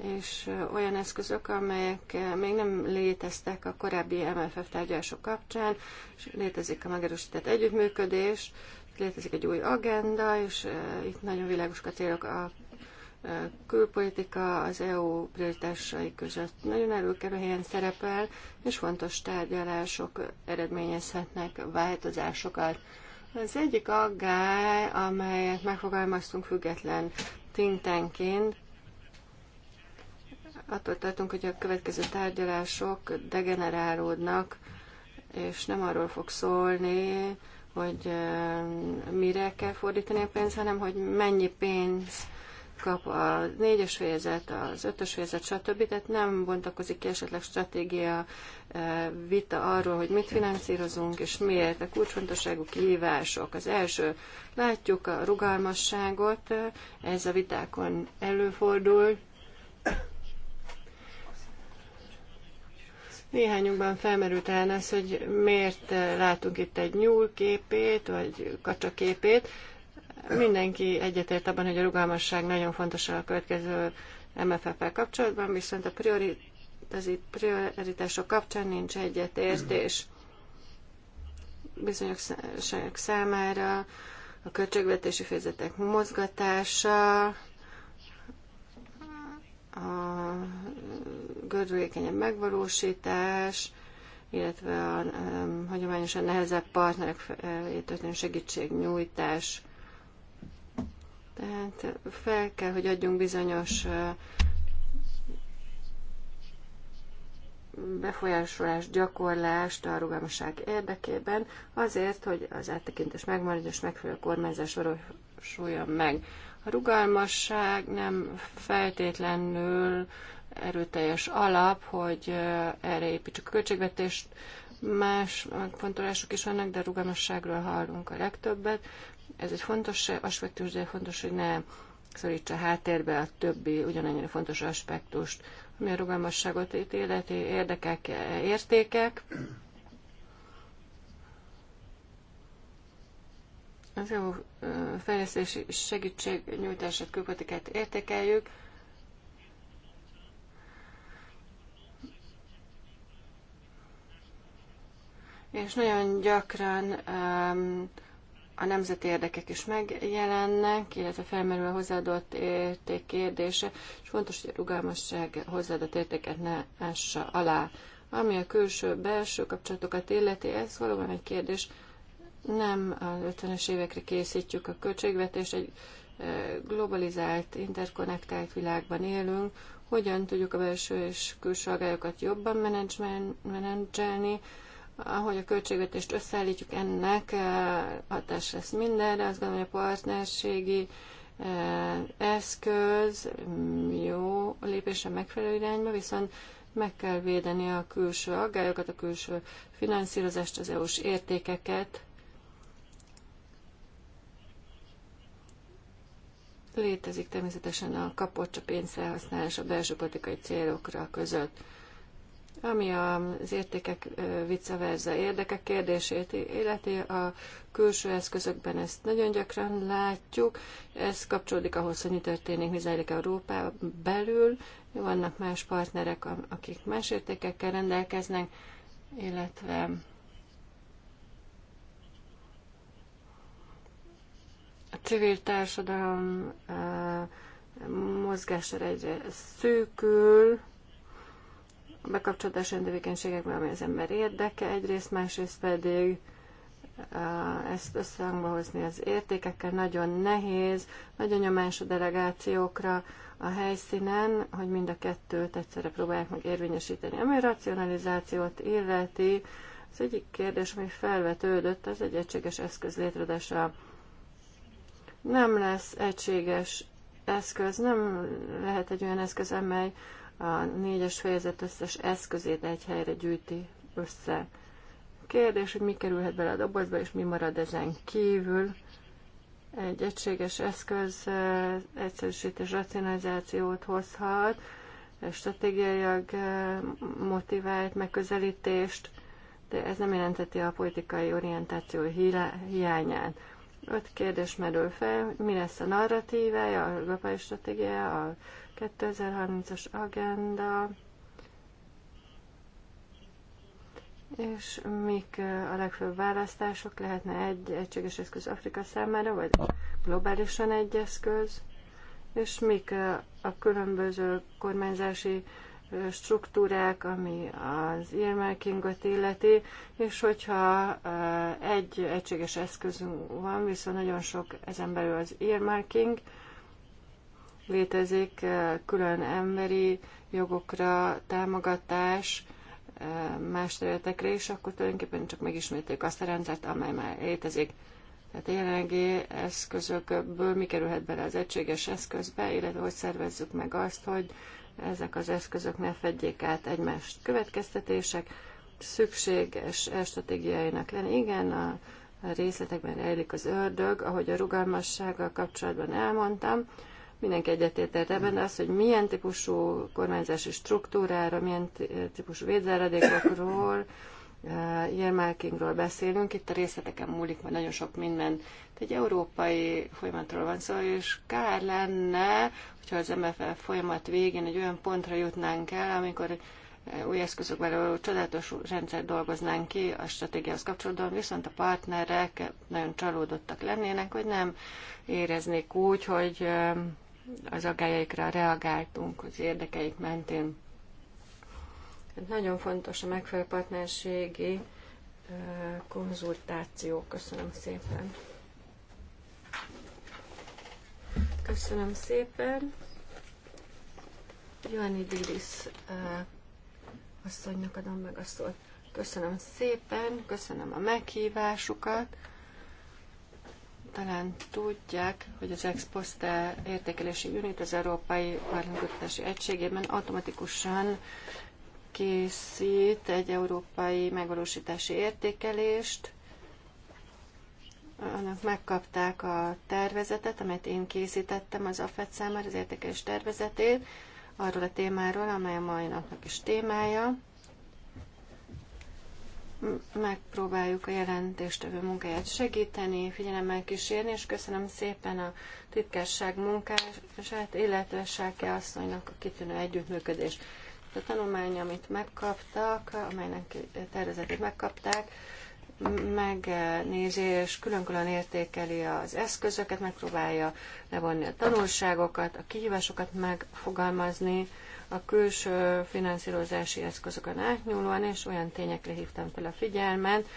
és olyan eszközök, amelyek még nem léteztek a korábbi MFF tárgyalások kapcsán, és létezik a megerősített együttműködés, Létezik egy új agenda, és itt nagyon világosak a célok a külpolitika az EU prioritásai között nagyon előkerül helyen szerepel, és fontos tárgyalások eredményezhetnek változásokat. Az egyik aggály, amelyet megfogalmaztunk független tintenként, attól tartunk, hogy a következő tárgyalások degenerálódnak, és nem arról fog szólni, hogy mire kell fordítani a pénzt, hanem hogy mennyi pénz kap a négyes fejezet, az ötös fejezet, stb. Tehát nem bontakozik ki esetleg stratégia vita arról, hogy mit finanszírozunk és miért. A kulcsfontosságú kihívások. Az első, látjuk a rugalmasságot, ez a vitákon előfordul, Néhányunkban felmerült el az, hogy miért eh, látunk itt egy nyúl képét, vagy kacsa képét. Mindenki egyetért abban, hogy a rugalmasság nagyon fontos a következő MFF-el kapcsolatban, viszont a prioritások kapcsán nincs egyetértés. Bizonyos számára a költségvetési fejezetek mozgatása, a gördülékenyebb megvalósítás, illetve a um, hagyományosan nehezebb partnerek felé eh, történő segítségnyújtás. Tehát fel kell, hogy adjunk bizonyos eh, befolyásolás, gyakorlást a rugalmasság érdekében, azért, hogy az áttekintés megmaradjon és megfelelő kormányzás valósuljon meg. A rugalmasság nem feltétlenül erőteljes alap, hogy erre építsük a költségvetést. Más megfontolások is vannak, de rugalmasságról hallunk a legtöbbet. Ez egy fontos aspektus, de fontos, hogy ne szorítsa háttérbe a többi ugyanannyira fontos aspektust, ami a rugalmasságot illeti érdekek, értékek. Az EU fejlesztési nyújtását külpolitikát értékeljük. És nagyon gyakran um, a nemzeti érdekek is megjelennek, illetve felmerül a hozzáadott érték kérdése, és fontos, hogy a rugalmasság hozzáadott értéket ne ássa alá. Ami a külső-belső kapcsolatokat illeti, ez valóban egy kérdés, nem az 50-es évekre készítjük a költségvetést, egy globalizált, interkonnektált világban élünk, hogyan tudjuk a belső és külső agályokat jobban menedzselni, ahogy a költségvetést összeállítjuk, ennek hatás lesz mindenre. Azt gondolom, hogy a partnerségi eszköz mm, jó lépésre megfelelő irányba, viszont meg kell védeni a külső aggályokat, a külső finanszírozást, az EU-s értékeket, Létezik természetesen a kapocsa pénz felhasználás a belső politikai célokra között. Ami az értékek vice érdekek kérdését illeti, a külső eszközökben ezt nagyon gyakran látjuk. Ez kapcsolódik ahhoz, hogy mi történik, mi zajlik Európa belül. Vannak más partnerek, akik más értékekkel rendelkeznek, illetve civil társadalom mozgására egyre szűkül, a bekapcsolódás olyan tevékenységekben, ami az ember érdeke egyrészt, másrészt pedig ezt összehangba hozni az értékekkel nagyon nehéz, nagyon nyomás a delegációkra a helyszínen, hogy mind a kettőt egyszerre próbálják meg érvényesíteni. Ami a racionalizációt illeti, az egyik kérdés, ami felvetődött, az egy egységes eszköz létrehozása nem lesz egységes eszköz, nem lehet egy olyan eszköz, amely a négyes fejezet összes eszközét egy helyre gyűjti össze. Kérdés, hogy mi kerülhet bele a dobozba, és mi marad ezen kívül. Egy egységes eszköz egyszerűsítés, racionalizációt hozhat, stratégiailag motivált megközelítést, de ez nem jelenteti a politikai orientáció hiányát. Öt kérdés merül fel, hogy mi lesz a narratívája, a globális stratégia, a 2030-as agenda, és mik a legfőbb választások? Lehetne egy egységes eszköz Afrika számára, vagy globálisan egy eszköz? És mik a különböző kormányzási struktúrák, ami az earmarkingot illeti, és hogyha egy egységes eszközünk van, viszont nagyon sok ezen belül az earmarking, létezik külön emberi jogokra támogatás, más területekre is, akkor tulajdonképpen csak megismételjük azt a rendszert, amely már létezik. Tehát a jelenlegi eszközökből mi kerülhet bele az egységes eszközbe, illetve hogy szervezzük meg azt, hogy ezek az eszközök ne fedjék át egymást. Következtetések szükséges stratégiáinak lenni. Igen, a részletekben rejlik az ördög, ahogy a rugalmassággal kapcsolatban elmondtam. Mindenki egyetértett ebben, de az, hogy milyen típusú kormányzási struktúrára, milyen típusú védzáradékokról, Jermákingról eh, beszélünk, itt a részleteken múlik mert nagyon sok minden. egy európai folyamatról van szó, és kár lenne, hogyha az MFF folyamat végén egy olyan pontra jutnánk el, amikor eh, új eszközökben csodálatos rendszer dolgoznánk ki a stratégiához kapcsolódóan, viszont a partnerek nagyon csalódottak lennének, hogy nem éreznék úgy, hogy eh, az aggájaikra reagáltunk az érdekeik mentén. Tehát nagyon fontos a megfelelő partnerségi konzultáció. Köszönöm szépen. Köszönöm szépen. Joanni Diris asszonynak adom meg a szót. Köszönöm szépen, köszönöm a meghívásukat. Talán tudják, hogy az Exposta értékelési unit az Európai Parlamentutási Egységében automatikusan készít egy európai megvalósítási értékelést. Annak megkapták a tervezetet, amit én készítettem az AFET számára, az értékelés tervezetét, arról a témáról, amely a mai napnak is témája. Megpróbáljuk a jelentéstevő munkáját segíteni, figyelemmel kísérni, és köszönöm szépen a titkárság munkását, illetve Sáke asszonynak a kitűnő együttműködést a tanulmány, amit megkaptak, amelynek tervezetét megkapták, megnézi és külön-külön értékeli az eszközöket, megpróbálja levonni a tanulságokat, a kihívásokat megfogalmazni, a külső finanszírozási eszközökön átnyúlóan, és olyan tényekre hívtam fel a figyelmet,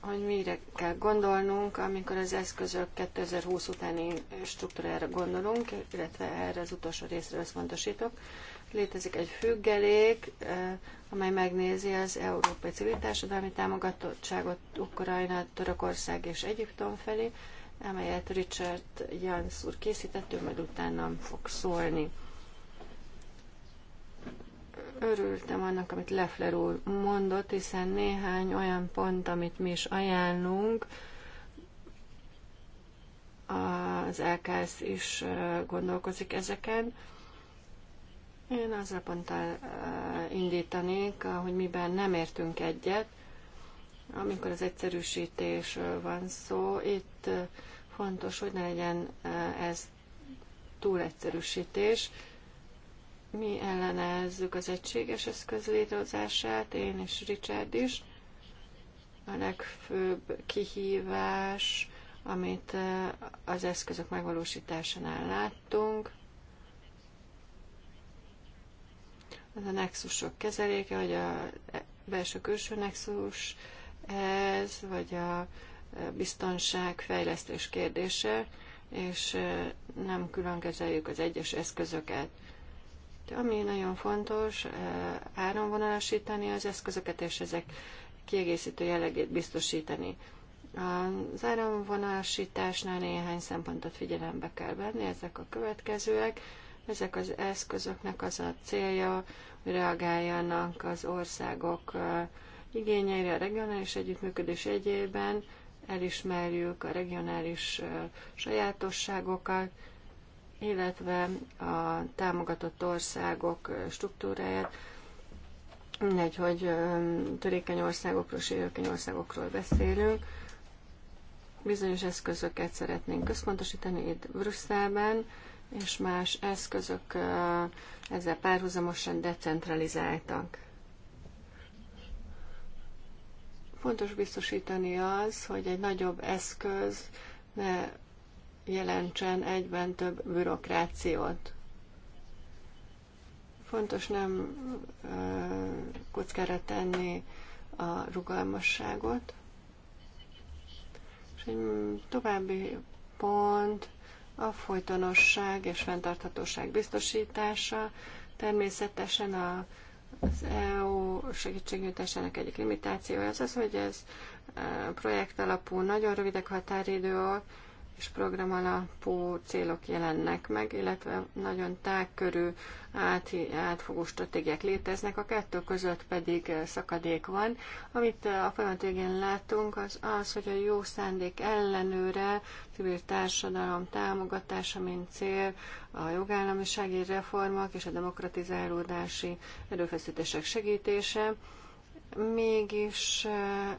hogy mire kell gondolnunk, amikor az eszközök 2020 utáni struktúrára gondolunk, illetve erre az utolsó részre összpontosítok. Létezik egy függelék, amely megnézi az európai civil társadalmi támogatottságot Ukrajna, Törökország és Egyiptom felé, amelyet Richard Jansz úr készített, ő majd utána fog szólni. Örültem annak, amit Leffler úr mondott, hiszen néhány olyan pont, amit mi is ajánlunk, az LKS is gondolkozik ezeken. Én azzal ponttal indítanék, hogy miben nem értünk egyet, amikor az egyszerűsítés van szó. Itt fontos, hogy ne legyen ez túl egyszerűsítés mi ellenezzük az egységes eszköz létrehozását, én és Richard is. A legfőbb kihívás, amit eh, az eszközök megvalósításánál láttunk, az a nexusok kezeléke, vagy a belső-külső nexus, ez, vagy a eh, biztonság fejlesztés kérdése, és eh, nem külön kezeljük az egyes eszközöket. Ami nagyon fontos, áramvonalasítani az eszközöket, és ezek kiegészítő jellegét biztosítani. Az áramvonalasításnál néhány szempontot figyelembe kell venni, ezek a következőek. Ezek az eszközöknek az a célja, hogy reagáljanak az országok igényeire, a regionális együttműködés egyében, elismerjük a regionális sajátosságokat, illetve a támogatott országok struktúráját, mindegy, hogy törékeny országokról, sérülékeny országokról beszélünk, bizonyos eszközöket szeretnénk központosítani itt Brüsszelben, és más eszközök ezzel párhuzamosan decentralizáltak. Fontos biztosítani az, hogy egy nagyobb eszköz ne jelentsen egyben több bürokrációt. Fontos nem kockára tenni a rugalmasságot. És egy további pont a folytonosság és fenntarthatóság biztosítása. Természetesen a, az EU segítségnyújtásának egyik limitációja az az, hogy ez projekt alapú, nagyon rövidek határidők, és program alapú célok jelennek meg, illetve nagyon tágkörű át, átfogó stratégiák léteznek, a kettő között pedig eh, szakadék van. Amit eh, a folyamat végén látunk, az az, hogy a jó szándék ellenőre civil társadalom támogatása, mint cél, a jogállamisági reformok és a demokratizálódási erőfeszítések segítése, mégis eh,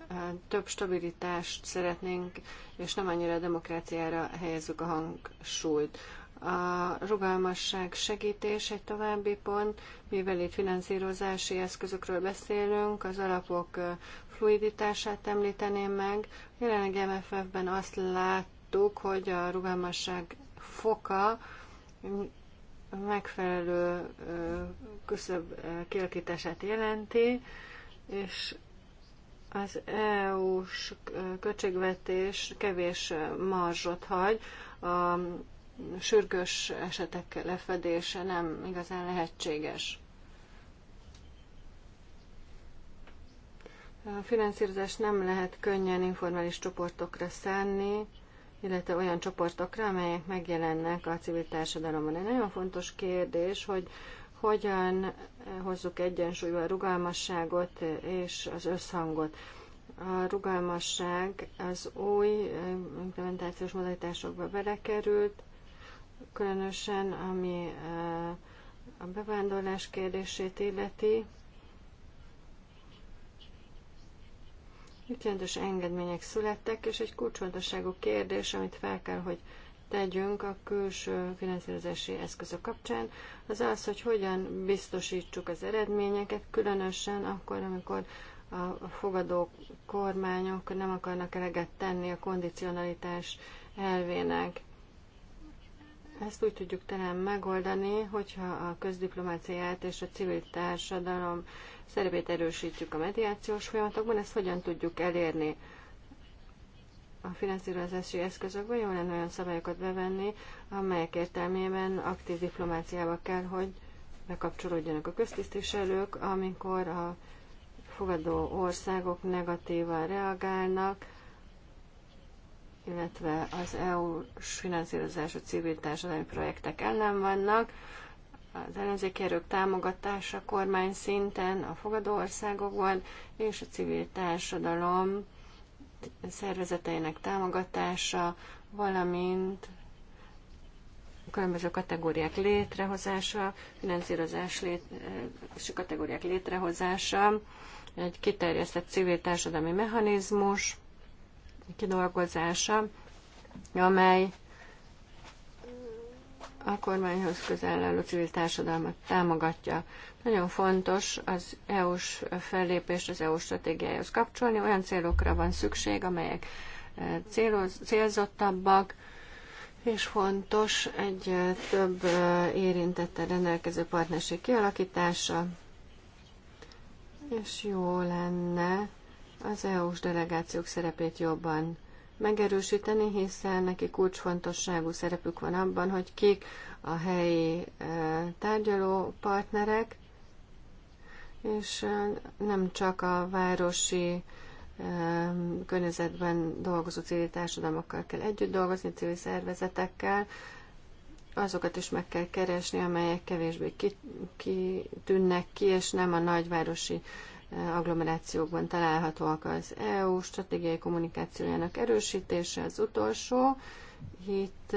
több stabilitást szeretnénk, és nem annyira a demokráciára helyezzük a hangsúlyt. A rugalmasság segítés egy további pont, mivel itt finanszírozási eszközökről beszélünk, az alapok eh, fluiditását említeném meg. Jelenleg MFF-ben azt láttuk, hogy a rugalmasság foka megfelelő eh, küszöb kialakítását jelenti, és az EU-s költségvetés kevés marzsot hagy, a sürgős esetek lefedése nem igazán lehetséges. A finanszírozás nem lehet könnyen informális csoportokra szánni, illetve olyan csoportokra, amelyek megjelennek a civil társadalomban. Egy nagyon fontos kérdés, hogy hogyan eh, hozzuk egyensúlyba a rugalmasságot és az összhangot. A rugalmasság az új eh, implementációs modalitásokba belekerült, különösen ami eh, a bevándorlás kérdését illeti. Itt jelentős engedmények születtek, és egy kulcsfontosságú kérdés, amit fel kell, hogy tegyünk a külső finanszírozási eszközök kapcsán, az az, hogy hogyan biztosítsuk az eredményeket, különösen akkor, amikor a fogadó kormányok nem akarnak eleget tenni a kondicionalitás elvének. Ezt úgy tudjuk talán megoldani, hogyha a közdiplomáciát és a civil társadalom szerepét erősítjük a mediációs folyamatokban, ezt hogyan tudjuk elérni a finanszírozási eszközökben jó lenne olyan szabályokat bevenni, amelyek értelmében aktív diplomáciába kell, hogy bekapcsolódjanak a köztisztviselők, amikor a fogadó országok negatívan reagálnak, illetve az EU finanszírozású civil társadalmi projektek ellen vannak, az ellenzéki erők támogatása kormány szinten, a fogadó országokban és a civil társadalom szervezeteinek támogatása, valamint különböző kategóriák létrehozása, finanszírozás lét, kategóriák létrehozása, egy kiterjesztett civil társadalmi mechanizmus kidolgozása, amely a kormányhoz közel álló civil társadalmat támogatja. Nagyon fontos az EU-s fellépést az EU stratégiájához kapcsolni. Olyan célokra van szükség, amelyek e, céloz, célzottabbak, és fontos egy e, több e, érintettel rendelkező partnerség kialakítása, és jó lenne az EU-s delegációk szerepét jobban megerősíteni, hiszen neki kulcsfontosságú szerepük van abban, hogy kik a helyi tárgyaló partnerek, és nem csak a városi környezetben dolgozó civil társadalmakkal kell együtt dolgozni, civil szervezetekkel, azokat is meg kell keresni, amelyek kevésbé kitűnnek ki, és nem a nagyvárosi agglomerációkban találhatóak az EU stratégiai kommunikációjának erősítése, az utolsó. Itt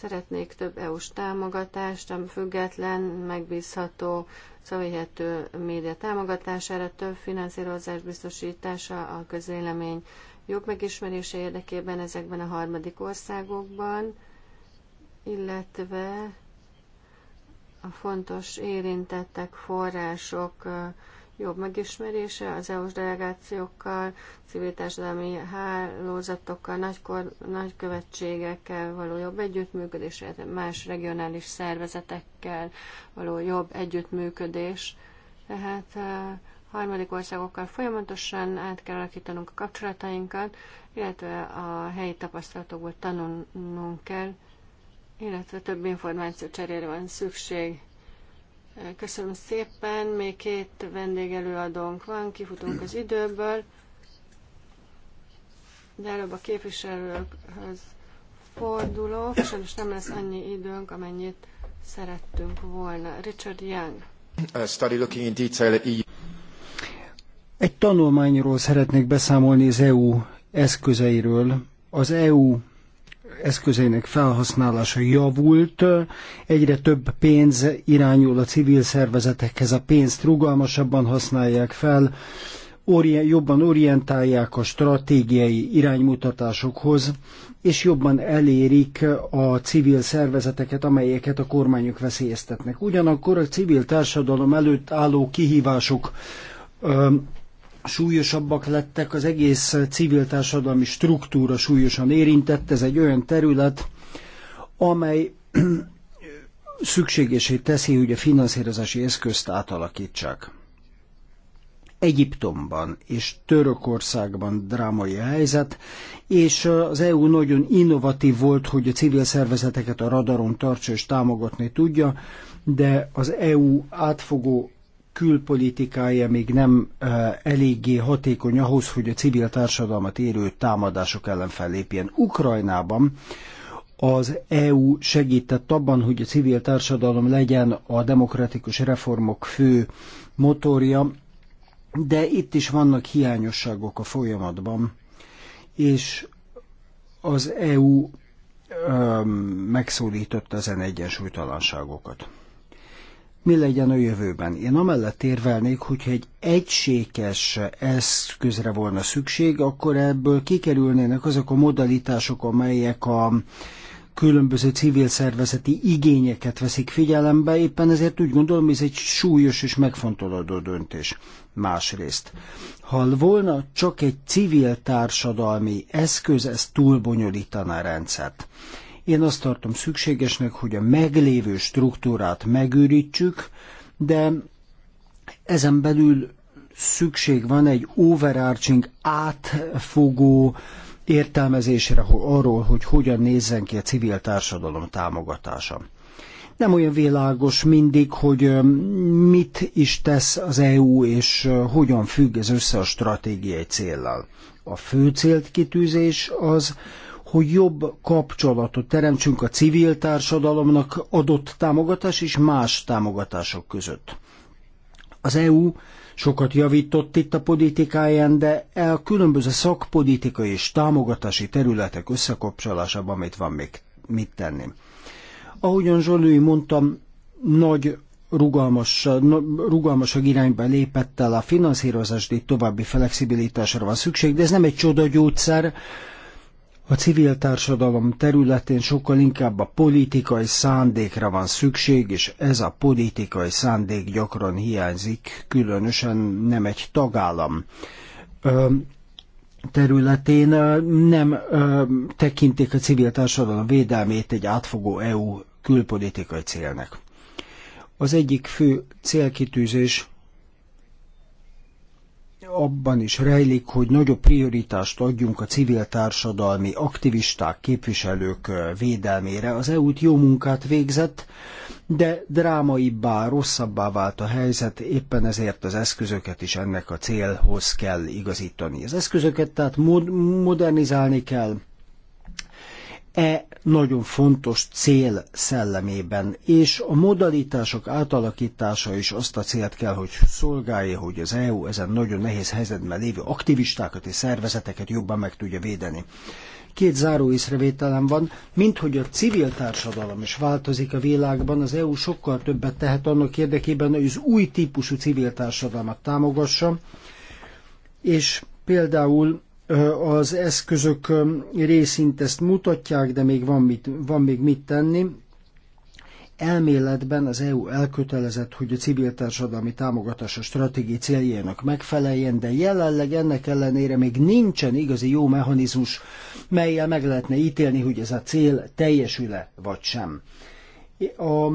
Szeretnék több EU-s támogatást, a független, megbízható, szavihető média támogatására, több finanszírozás biztosítása a közélemény jobb megismerése érdekében ezekben a harmadik országokban, illetve a fontos érintettek források jobb megismerése az EU-s delegációkkal, civil társadalmi hálózatokkal, nagykor, nagykövetségekkel való jobb együttműködés, más regionális szervezetekkel való jobb együttműködés. Tehát harmadik országokkal folyamatosan át kell alakítanunk a kapcsolatainkat, illetve a helyi tapasztalatokból tanulnunk kell, illetve több információ cserére van szükség. Köszönöm szépen, még két vendégelőadónk van, kifutunk az időből, de előbb a képviselőkhöz fordulok, sajnos nem lesz annyi időnk, amennyit szerettünk volna. Richard Young. Study looking in detail at EU. Egy tanulmányról szeretnék beszámolni az EU eszközeiről. Az EU eszközének felhasználása javult, egyre több pénz irányul a civil szervezetekhez, a pénzt rugalmasabban használják fel, jobban orientálják a stratégiai iránymutatásokhoz, és jobban elérik a civil szervezeteket, amelyeket a kormányok veszélyeztetnek. Ugyanakkor a civil társadalom előtt álló kihívások súlyosabbak lettek, az egész civil társadalmi struktúra súlyosan érintett, ez egy olyan terület, amely szükségesé teszi, hogy a finanszírozási eszközt átalakítsák. Egyiptomban és Törökországban drámai helyzet, és az EU nagyon innovatív volt, hogy a civil szervezeteket a radaron tartsa és támogatni tudja, de az EU átfogó külpolitikája még nem eléggé hatékony ahhoz, hogy a civil társadalmat érő támadások ellen fellépjen. Ukrajnában az EU segített abban, hogy a civil társadalom legyen a demokratikus reformok fő motorja, de itt is vannak hiányosságok a folyamatban, és az EU megszólította ezen egyensúlytalanságokat mi legyen a jövőben. Én amellett érvelnék, hogyha egy egységes eszközre volna szükség, akkor ebből kikerülnének azok a modalitások, amelyek a különböző civil szervezeti igényeket veszik figyelembe, éppen ezért úgy gondolom, ez egy súlyos és megfontolódó döntés. Másrészt, ha volna csak egy civil társadalmi eszköz, ez túlbonyolítaná a rendszert. Én azt tartom szükségesnek, hogy a meglévő struktúrát megőrítsük, de ezen belül szükség van egy overarching átfogó értelmezésre arról, hogy hogyan nézzen ki a civil társadalom támogatása. Nem olyan világos mindig, hogy mit is tesz az EU, és hogyan függ ez össze a stratégiai céllal. A fő célt kitűzés az, hogy jobb kapcsolatot teremtsünk a civil társadalomnak adott támogatás és más támogatások között. Az EU sokat javított itt a politikáján, de e a különböző szakpolitikai és támogatási területek összekapcsolásában mit van még mit tenni. Ahogyan Zsolői mondtam, nagy rugalmas, rugalmasabb irányba lépett el a finanszírozás, de további flexibilitásra van szükség, de ez nem egy csodagyógyszer, gyógyszer, a civil társadalom területén sokkal inkább a politikai szándékra van szükség, és ez a politikai szándék gyakran hiányzik, különösen nem egy tagállam területén nem tekintik a civil társadalom védelmét egy átfogó EU külpolitikai célnak. Az egyik fő célkitűzés abban is rejlik, hogy nagyobb prioritást adjunk a civil társadalmi aktivisták, képviselők védelmére. Az EU-t jó munkát végzett, de drámaibbá, rosszabbá vált a helyzet, éppen ezért az eszközöket is ennek a célhoz kell igazítani. Az eszközöket tehát mod- modernizálni kell, e nagyon fontos cél szellemében, és a modalitások átalakítása is azt a célt kell, hogy szolgálja, hogy az EU ezen nagyon nehéz helyzetben lévő aktivistákat és szervezeteket jobban meg tudja védeni. Két záró észrevételem van, mint hogy a civil társadalom is változik a világban, az EU sokkal többet tehet annak érdekében, hogy az új típusú civil társadalmat támogassa, és például az eszközök részint ezt mutatják, de még van, mit, van még mit tenni. Elméletben az EU elkötelezett, hogy a civil társadalmi támogatása stratégiai céljának megfeleljen, de jelenleg ennek ellenére még nincsen igazi jó mechanizmus, melyel meg lehetne ítélni, hogy ez a cél teljesül-e vagy sem. A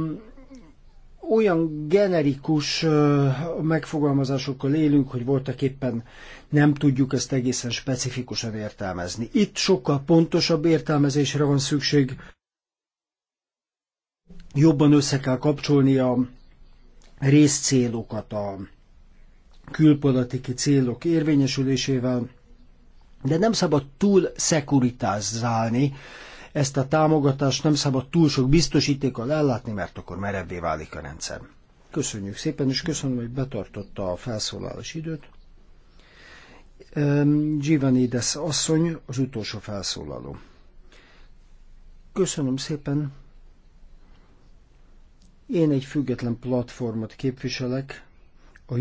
olyan generikus megfogalmazásokkal élünk, hogy voltak éppen nem tudjuk ezt egészen specifikusan értelmezni. Itt sokkal pontosabb értelmezésre van szükség, jobban össze kell kapcsolni a részcélokat a külpolitikai célok érvényesülésével, de nem szabad túl szekuritázálni ezt a támogatást nem szabad túl sok biztosítékkal ellátni, mert akkor merebbé válik a rendszer. Köszönjük szépen, és köszönöm, hogy betartotta a felszólalás időt. Givanides asszony, az utolsó felszólaló. Köszönöm szépen. Én egy független platformot képviselek, a,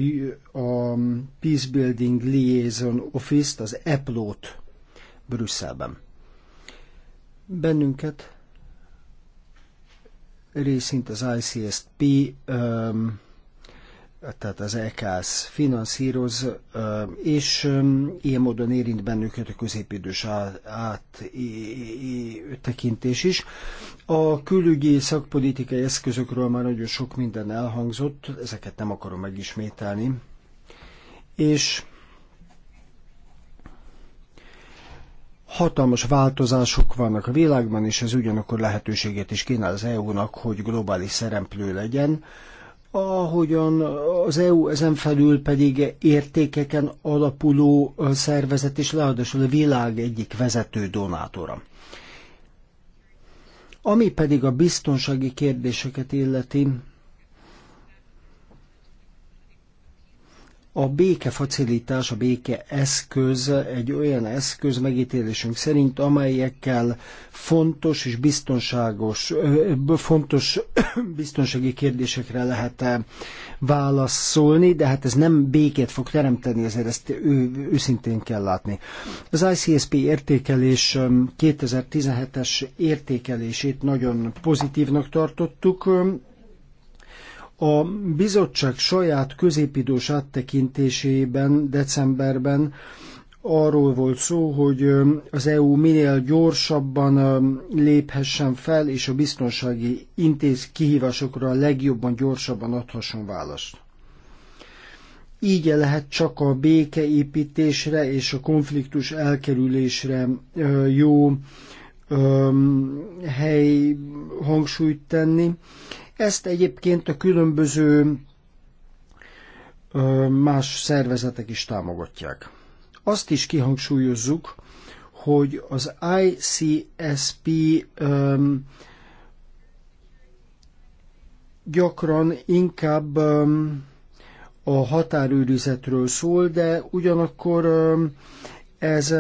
a Peacebuilding Liaison Office-t, az EPLO-t Brüsszelben. Bennünket részint az ICSP, tehát az EKS finanszíroz, és ilyen módon érint bennünket a középidős áttekintés is. A külügyi szakpolitikai eszközökről már nagyon sok minden elhangzott, ezeket nem akarom megismételni. És hatalmas változások vannak a világban, és ez ugyanakkor lehetőséget is kínál az EU-nak, hogy globális szereplő legyen. Ahogyan az EU ezen felül pedig értékeken alapuló szervezet, és leadásul a világ egyik vezető donátora. Ami pedig a biztonsági kérdéseket illeti, A béke facilitás, a béke eszköz egy olyan eszköz megítélésünk szerint, amelyekkel fontos és biztonságos, fontos biztonsági kérdésekre lehet -e válaszolni, de hát ez nem békét fog teremteni, ezért ezt ő, őszintén kell látni. Az ICSP értékelés 2017-es értékelését nagyon pozitívnak tartottuk, a bizottság saját középidős áttekintésében decemberben arról volt szó, hogy az EU minél gyorsabban léphessen fel, és a biztonsági intéz kihívásokra a legjobban gyorsabban adhasson választ. Így lehet csak a békeépítésre és a konfliktus elkerülésre jó hely hangsúlyt tenni, ezt egyébként a különböző más szervezetek is támogatják. Azt is kihangsúlyozzuk, hogy az ICSP um, gyakran inkább um, a határőrizetről szól, de ugyanakkor um, ez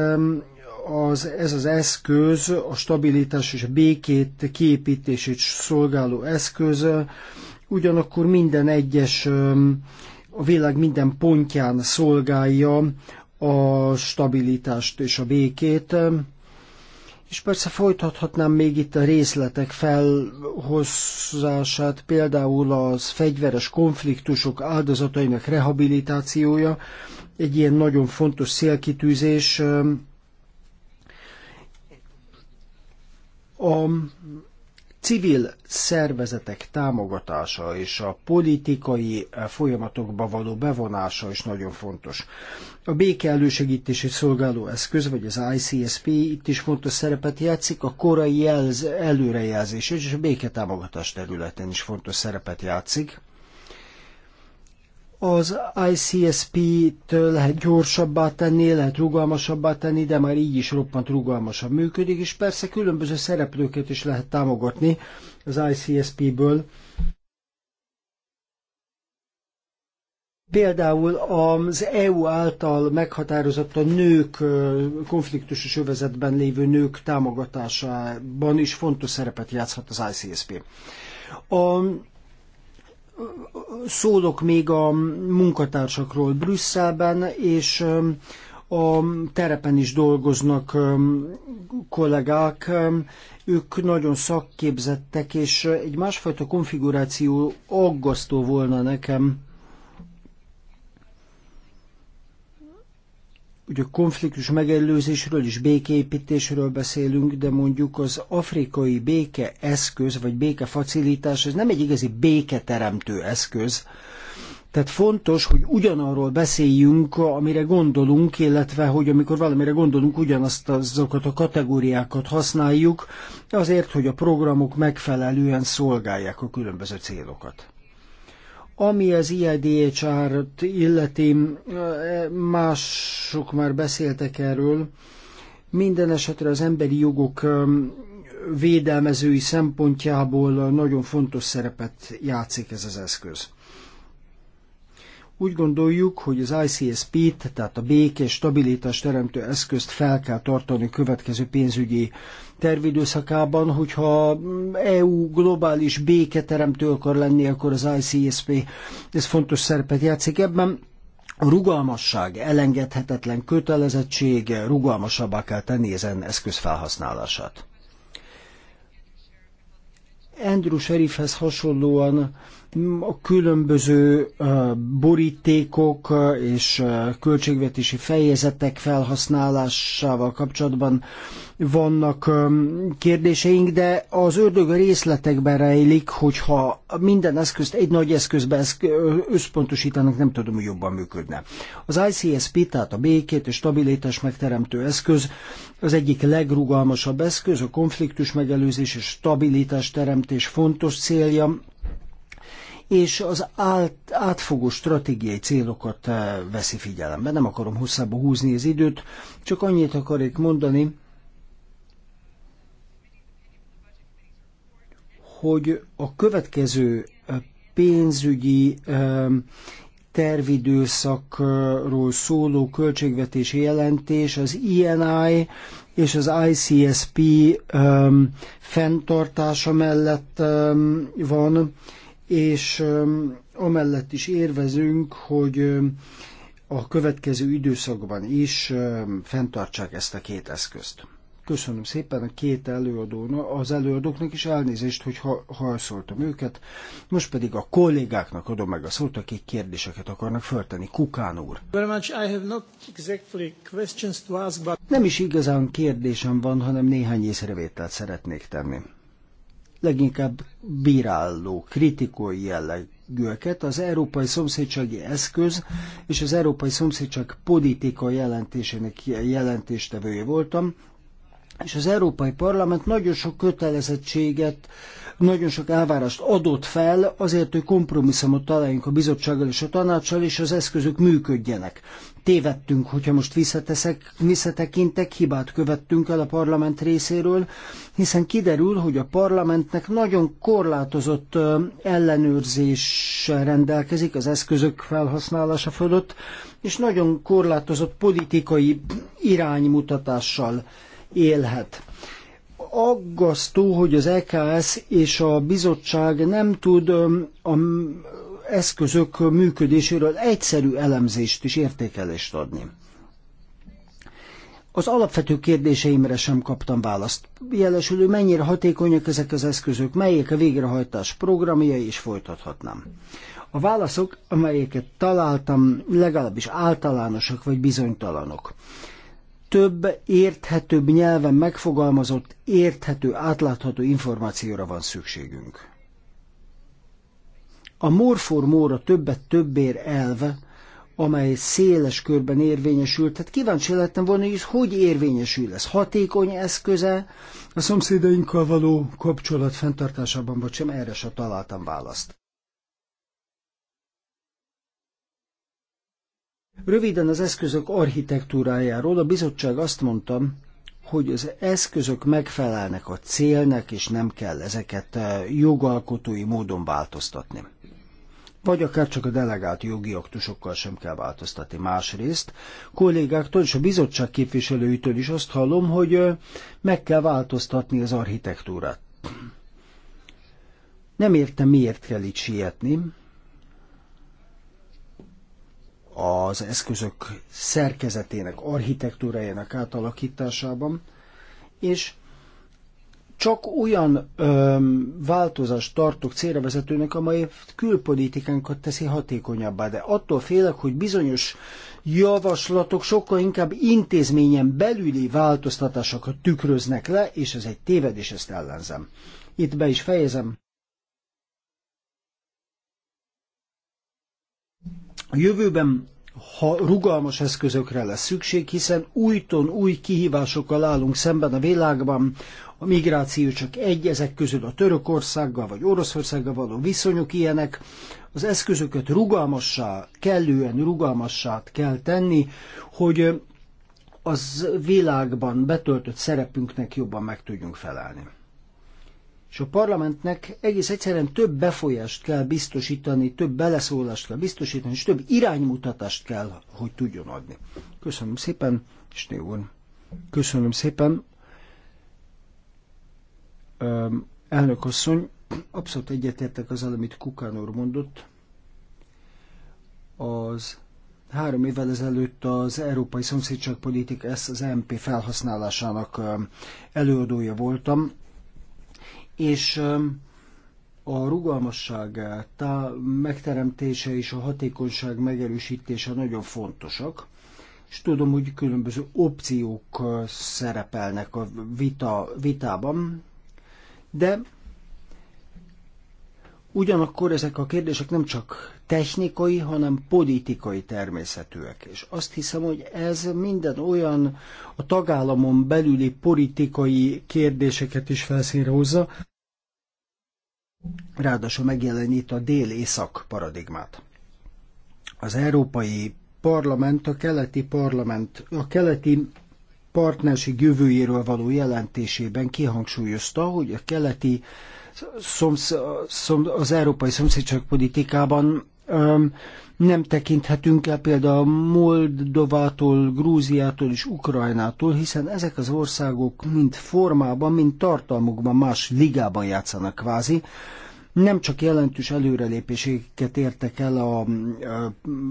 az, ez az eszköz, a stabilitás és a békét kiépítését szolgáló eszköz, ugyanakkor minden egyes, a világ minden pontján szolgálja a stabilitást és a békét. És persze folytathatnám még itt a részletek felhozását például az fegyveres konfliktusok áldozatainak rehabilitációja, egy ilyen nagyon fontos szélkitűzés, A civil szervezetek támogatása és a politikai eh, folyamatokba való bevonása is nagyon fontos. A béke elősegítési szolgáló eszköz, vagy az ICSP itt is fontos szerepet játszik, a korai jelz, előrejelzés és a béketámogatás területén is fontos szerepet játszik az ICSP-től lehet gyorsabbá tenni, lehet rugalmasabbá tenni, de már így is roppant rugalmasabb működik, és persze különböző szereplőket is lehet támogatni az ICSP-ből. Például az EU által meghatározott a nők konfliktusos övezetben lévő nők támogatásában is fontos szerepet játszhat az ICSP. A szólok még a munkatársakról Brüsszelben, és a terepen is dolgoznak kollégák, ők nagyon szakképzettek, és egy másfajta konfiguráció aggasztó volna nekem, Ugye a konfliktus megelőzésről és békeépítésről beszélünk, de mondjuk az afrikai béke eszköz, vagy béke facilitás, ez nem egy igazi béketeremtő eszköz. Tehát fontos, hogy ugyanarról beszéljünk, amire gondolunk, illetve, hogy amikor valamire gondolunk, ugyanazt azokat a kategóriákat használjuk, azért, hogy a programok megfelelően szolgálják a különböző célokat. Ami az IADHR-t e illeti, mások már beszéltek erről, minden esetre az emberi jogok védelmezői szempontjából nagyon fontos szerepet játszik ez az eszköz. Úgy gondoljuk, hogy az ICSP-t, tehát a békés stabilitás teremtő eszközt fel kell tartani a következő pénzügyi tervidőszakában, hogyha EU globális béketeremtő akar lenni, akkor az ICSP ez fontos szerepet játszik ebben. A rugalmasság elengedhetetlen kötelezettség, rugalmasabbá kell tenni ezen eszköz felhasználását. Andrew Sheriffhez hasonlóan a különböző borítékok és költségvetési fejezetek felhasználásával kapcsolatban vannak kérdéseink, de az ördög a részletekben rejlik, hogyha minden eszközt egy nagy eszközbe összpontosítanak, nem tudom, hogy jobban működne. Az ICSP, tehát a békét és stabilitás megteremtő eszköz, az egyik legrugalmasabb eszköz, a konfliktus megelőzés és stabilitás teremtés fontos célja, és az át, átfogó stratégiai célokat eh, veszi figyelembe. Nem akarom hosszába húzni az időt, csak annyit akarok mondani, hogy a következő eh, pénzügyi eh, tervidőszakról szóló költségvetési jelentés az INI e és az ICSP fenntartása mellett van, és amellett is érvezünk, hogy a következő időszakban is fenntartsák ezt a két eszközt. Köszönöm szépen a két előadónak, az előadóknak is elnézést, hogy hajszoltam őket. Most pedig a kollégáknak adom meg a szót, akik kérdéseket akarnak föltenni. Kukán úr. Nem is igazán kérdésem van, hanem néhány észrevételt szeretnék tenni leginkább bíráló, kritikai jellegűeket. Az Európai Szomszédsági Eszköz és az Európai Szomszédság politika jelentésének jelentéstevője voltam, és az Európai Parlament nagyon sok kötelezettséget, nagyon sok elvárást adott fel azért, hogy kompromisszumot találjunk a bizottsággal és a tanácssal, és az eszközök működjenek tévedtünk, hogyha most visszateszek, visszatekintek, hibát követtünk el a parlament részéről, hiszen kiderül, hogy a parlamentnek nagyon korlátozott ellenőrzés rendelkezik az eszközök felhasználása fölött, és nagyon korlátozott politikai iránymutatással élhet aggasztó, hogy az EKS és a bizottság nem tud a eszközök működéséről egyszerű elemzést és értékelést adni. Az alapvető kérdéseimre sem kaptam választ. Jelesülő, mennyire hatékonyak ezek az eszközök, melyek a végrehajtás programjai, és folytathatnám. A válaszok, amelyeket találtam, legalábbis általánosak vagy bizonytalanok. Több, érthetőbb nyelven megfogalmazott, érthető, átlátható információra van szükségünk. A more for more, a többet többér elve, amely széles körben érvényesült, Tehát kíváncsi lettem volna, hogy hogy érvényesül ez. Hatékony eszköze a szomszédainkkal való kapcsolat fenntartásában, vagy sem, erre se találtam választ. Röviden az eszközök architektúrájáról a bizottság azt mondta, hogy az eszközök megfelelnek a célnak, és nem kell ezeket eh, jogalkotói módon változtatni vagy akár csak a delegált jogi aktusokkal sem kell változtatni. Másrészt kollégáktól és a bizottság képviselőitől is azt hallom, hogy meg kell változtatni az architektúrát. Nem értem, miért kell itt sietni. Az eszközök szerkezetének, architektúrájának átalakításában, és csak olyan öm, változást tartok célra vezetőnek, amely külpolitikánkat teszi hatékonyabbá, de attól félek, hogy bizonyos javaslatok sokkal inkább intézményen belüli változtatásokat tükröznek le, és ez egy tévedés, ezt ellenzem. Itt be is fejezem. A jövőben ha rugalmas eszközökre lesz szükség, hiszen újton új kihívásokkal állunk szemben a világban, a migráció csak egy, ezek közül a Törökországgal vagy Oroszországgal való viszonyok ilyenek, az eszközöket rugalmassá, kellően rugalmassá kell tenni, hogy az világban betöltött szerepünknek jobban meg tudjunk felelni. És a parlamentnek egész egyszerűen több befolyást kell biztosítani, több beleszólást kell biztosítani, és több iránymutatást kell, hogy tudjon adni. Köszönöm szépen, és Köszönöm szépen. Elnök asszony, abszolút egyetértek azzal, amit Kukán úr mondott. Az három évvel ezelőtt az Európai Szomszédságpolitika, ezt az MP felhasználásának előadója voltam, és a rugalmasság megteremtése és a hatékonyság megerősítése nagyon fontosak, és tudom, hogy különböző opciók szerepelnek a vita, vitában, de ugyanakkor ezek a kérdések nem csak technikai, hanem politikai természetűek. És azt hiszem, hogy ez minden olyan a tagállamon belüli politikai kérdéseket is felszínre hozza, ráadásul megjelenít a dél-észak paradigmát. Az Európai Parlament, a keleti parlament, a keleti partnerség jövőjéről való jelentésében kihangsúlyozta, hogy a keleti szomsz, szom, az európai szomszédságpolitikában öm, nem tekinthetünk el például Moldovától, Grúziától és Ukrajnától, hiszen ezek az országok mind formában, mind tartalmukban más ligában játszanak kvázi, nem csak jelentős előrelépéseket értek el a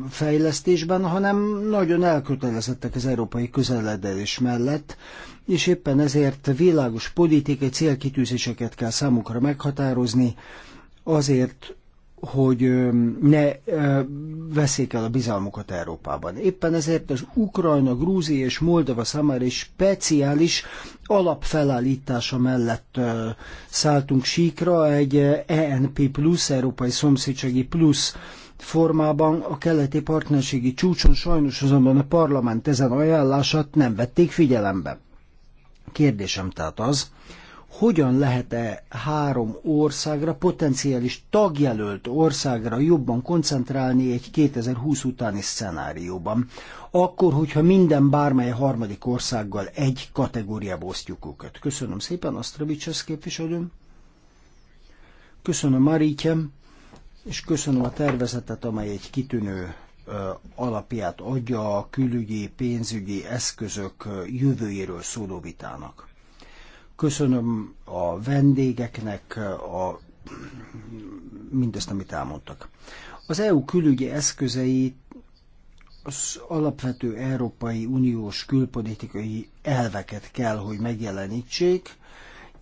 fejlesztésben, hanem nagyon elkötelezettek az európai közeledés mellett, és éppen ezért világos politikai célkitűzéseket kell számukra meghatározni, azért, hogy ne veszék el a bizalmukat Európában. Éppen ezért az Ukrajna, Grúzia és Moldova számára is speciális alapfelállítása mellett szálltunk síkra egy ENP plusz, Európai Szomszédsági plusz formában a keleti partnerségi csúcson sajnos azonban a parlament ezen ajánlását nem vették figyelembe. Kérdésem tehát az, hogyan lehet-e három országra, potenciális tagjelölt országra jobban koncentrálni egy 2020 utáni szenárióban, akkor, hogyha minden bármely harmadik országgal egy kategóriába osztjuk őket. Köszönöm szépen, Asztravicses képviselőm. Köszönöm, Marítjem, és köszönöm a tervezetet, amely egy kitűnő alapját adja a külügyi, pénzügyi eszközök jövőjéről szóló vitának. Köszönöm a vendégeknek a, mindezt, amit elmondtak. Az EU külügyi eszközei az alapvető Európai Uniós külpolitikai elveket kell, hogy megjelenítsék,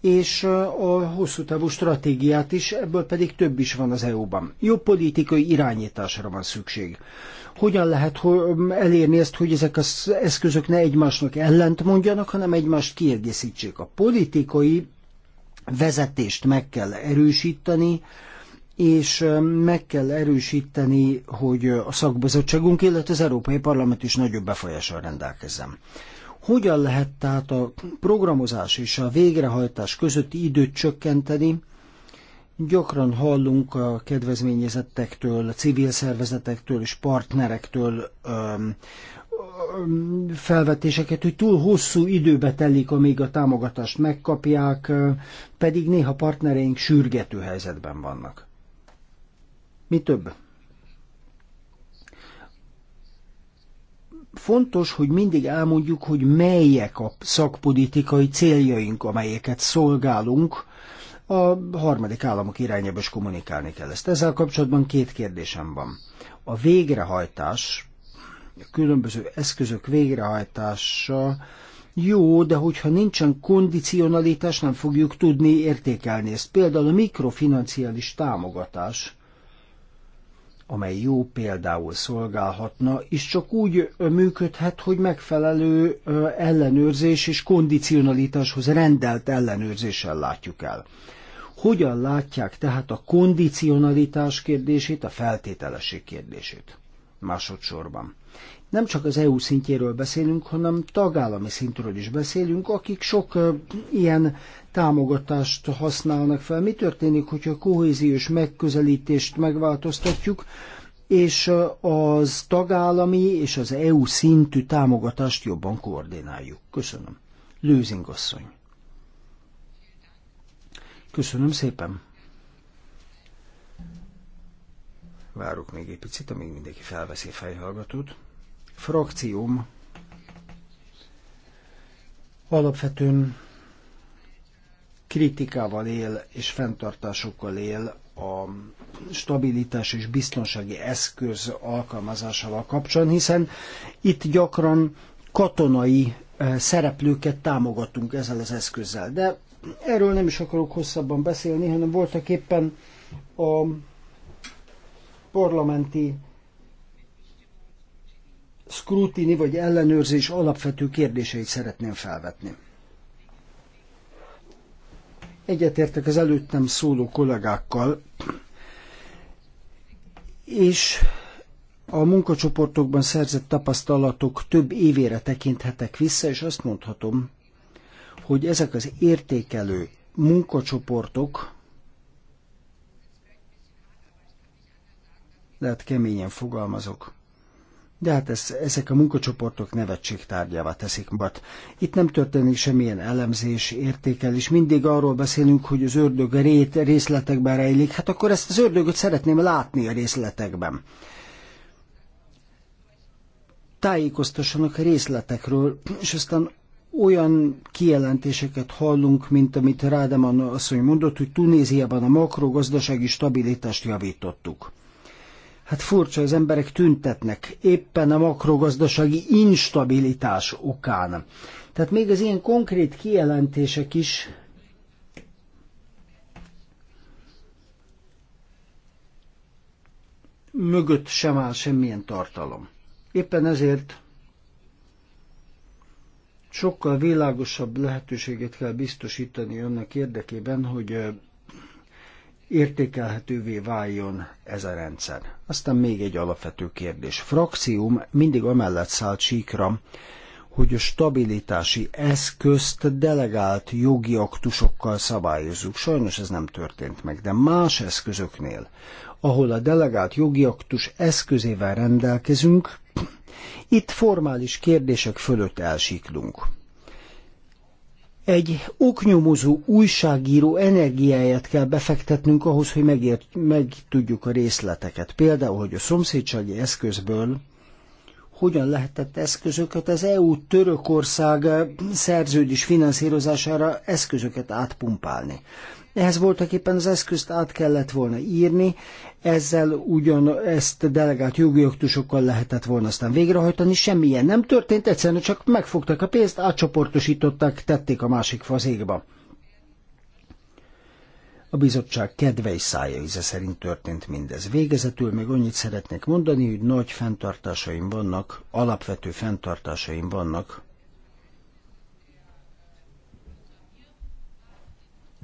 és a hosszú távú stratégiát is, ebből pedig több is van az EU-ban. Jobb politikai irányításra van szükség. Hogyan lehet um, elérni ezt, hogy ezek az eszközök ne egymásnak ellent mondjanak, hanem egymást kiegészítsék? A politikai vezetést meg kell erősíteni, és um, meg kell erősíteni, hogy a szakbizottságunk, illetve az Európai Parlament is nagyobb befolyással rendelkezzen. Hogyan lehet tehát a programozás és a végrehajtás közötti időt csökkenteni, Gyakran hallunk a kedvezményezettektől, a civil szervezetektől és partnerektől öm, öm, felvetéseket, hogy túl hosszú időbe telik, amíg a támogatást megkapják, pedig néha partnereink sürgető helyzetben vannak. Mi több? fontos, hogy mindig elmondjuk, hogy melyek a szakpolitikai céljaink, amelyeket szolgálunk, a harmadik államok irányába is kommunikálni kell ezt. Ezzel kapcsolatban két kérdésem van. A végrehajtás, a különböző eszközök végrehajtása jó, de hogyha nincsen kondicionalitás, nem fogjuk tudni értékelni ezt. Például a mikrofinanciális támogatás, amely jó például szolgálhatna, és csak úgy működhet, hogy megfelelő ellenőrzés és kondicionalitáshoz rendelt ellenőrzéssel látjuk el. Hogyan látják tehát a kondicionalitás kérdését, a feltételesség kérdését? Másodszorban. Nem csak az EU szintjéről beszélünk, hanem tagállami szintről is beszélünk, akik sok ilyen támogatást használnak fel. Mi történik, hogyha a kohéziós megközelítést megváltoztatjuk, és az tagállami és az EU szintű támogatást jobban koordináljuk? Köszönöm. Lőzing asszony. Köszönöm szépen. Várok még egy picit, amíg mindenki felveszi a fejhallgatót. Frakcióm alapvetően kritikával él és fenntartásokkal él a stabilitás és biztonsági eszköz alkalmazásával kapcsolatban, hiszen itt gyakran katonai eh, szereplőket támogatunk ezzel az eszközzel. De erről nem is akarok hosszabban beszélni, hanem voltak éppen a parlamenti scrutiny vagy ellenőrzés alapvető kérdéseit szeretném felvetni. Egyetértek az előttem szóló kollégákkal, és a munkacsoportokban szerzett tapasztalatok több évére tekinthetek vissza, és azt mondhatom, hogy ezek az értékelő munkacsoportok, lehet keményen fogalmazok, de hát ez, ezek a munkacsoportok nevetség tárgyává teszik magat. Itt nem történik semmilyen elemzés, értékelés, mindig arról beszélünk, hogy az ördög rét részletekben rejlik, hát akkor ezt az ördögöt szeretném látni a részletekben. Tájékoztassanak a részletekről, és aztán olyan kijelentéseket hallunk, mint amit Rádeman asszony mondott, hogy Tunéziában a makrogazdasági stabilitást javítottuk. Hát furcsa, az emberek tüntetnek éppen a makrogazdasági instabilitás okán. Tehát még az ilyen konkrét kijelentések is mögött sem áll semmilyen tartalom. Éppen ezért sokkal világosabb lehetőséget kell biztosítani annak érdekében, hogy értékelhetővé váljon ez a rendszer. Aztán még egy alapvető kérdés. Frakcióm mindig amellett szállt síkra, hogy a stabilitási eszközt delegált jogi aktusokkal szabályozzuk. Sajnos ez nem történt meg, de más eszközöknél, ahol a delegált jogi aktus eszközével rendelkezünk, itt formális kérdések fölött elsiklunk egy oknyomozó újságíró energiáját kell befektetnünk ahhoz, hogy megért, meg tudjuk a részleteket. Például, hogy a szomszédsági eszközből hogyan lehetett eszközöket az EU-Törökország szerződés finanszírozására eszközöket átpumpálni. Ehhez voltak éppen az eszközt át kellett volna írni, ezzel ugyan ezt delegált jogi oktusokkal lehetett volna aztán végrehajtani, semmilyen nem történt, egyszerűen csak megfogtak a pénzt, átcsoportosították, tették a másik fazékba. A bizottság kedve és szája íze szerint történt mindez. Végezetül még annyit szeretnék mondani, hogy nagy fenntartásaim vannak, alapvető fenntartásaim vannak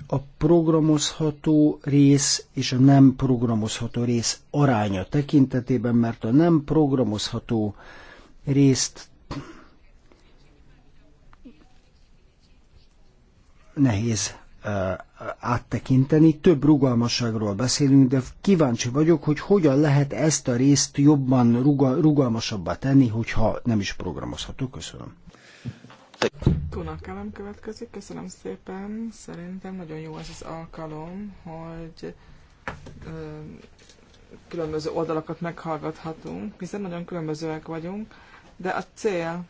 a programozható rész és a nem programozható rész aránya tekintetében, mert a nem programozható részt nehéz áttekinteni. Több rugalmasságról beszélünk, de kíváncsi vagyok, hogy hogyan lehet ezt a részt jobban rugalmasabbá tenni, hogyha nem is programozható. Köszönöm. Tuna következik, köszönöm szépen. Szerintem nagyon jó ez az alkalom, hogy ö, különböző oldalakat meghallgathatunk, hiszen nagyon különbözőek vagyunk, de a cél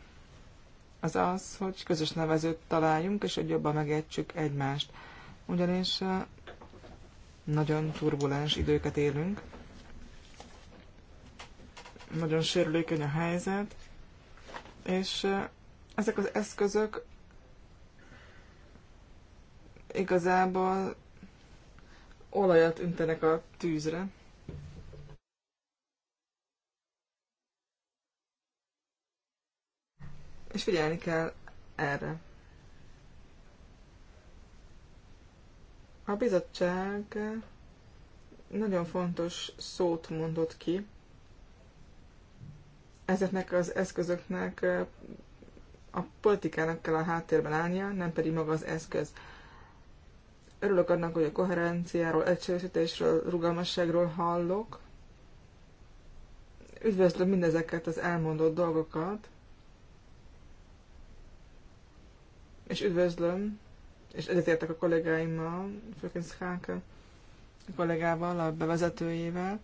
az az, hogy közös nevezőt találjunk, és hogy jobban megértsük egymást. Ugyanis nagyon turbulens időket élünk, nagyon sérülékeny a helyzet, és ezek az eszközök igazából olajat üntenek a tűzre. és figyelni kell erre. A bizottság nagyon fontos szót mondott ki. Ezeknek az eszközöknek a politikának kell a háttérben állnia, nem pedig maga az eszköz. Örülök annak, hogy a koherenciáról, egységesítésről, rugalmasságról hallok. Üdvözlöm mindezeket az elmondott dolgokat. és üdvözlöm, és egyetértek a kollégáimmal, főként Szkánk kollégával, a bevezetőjével,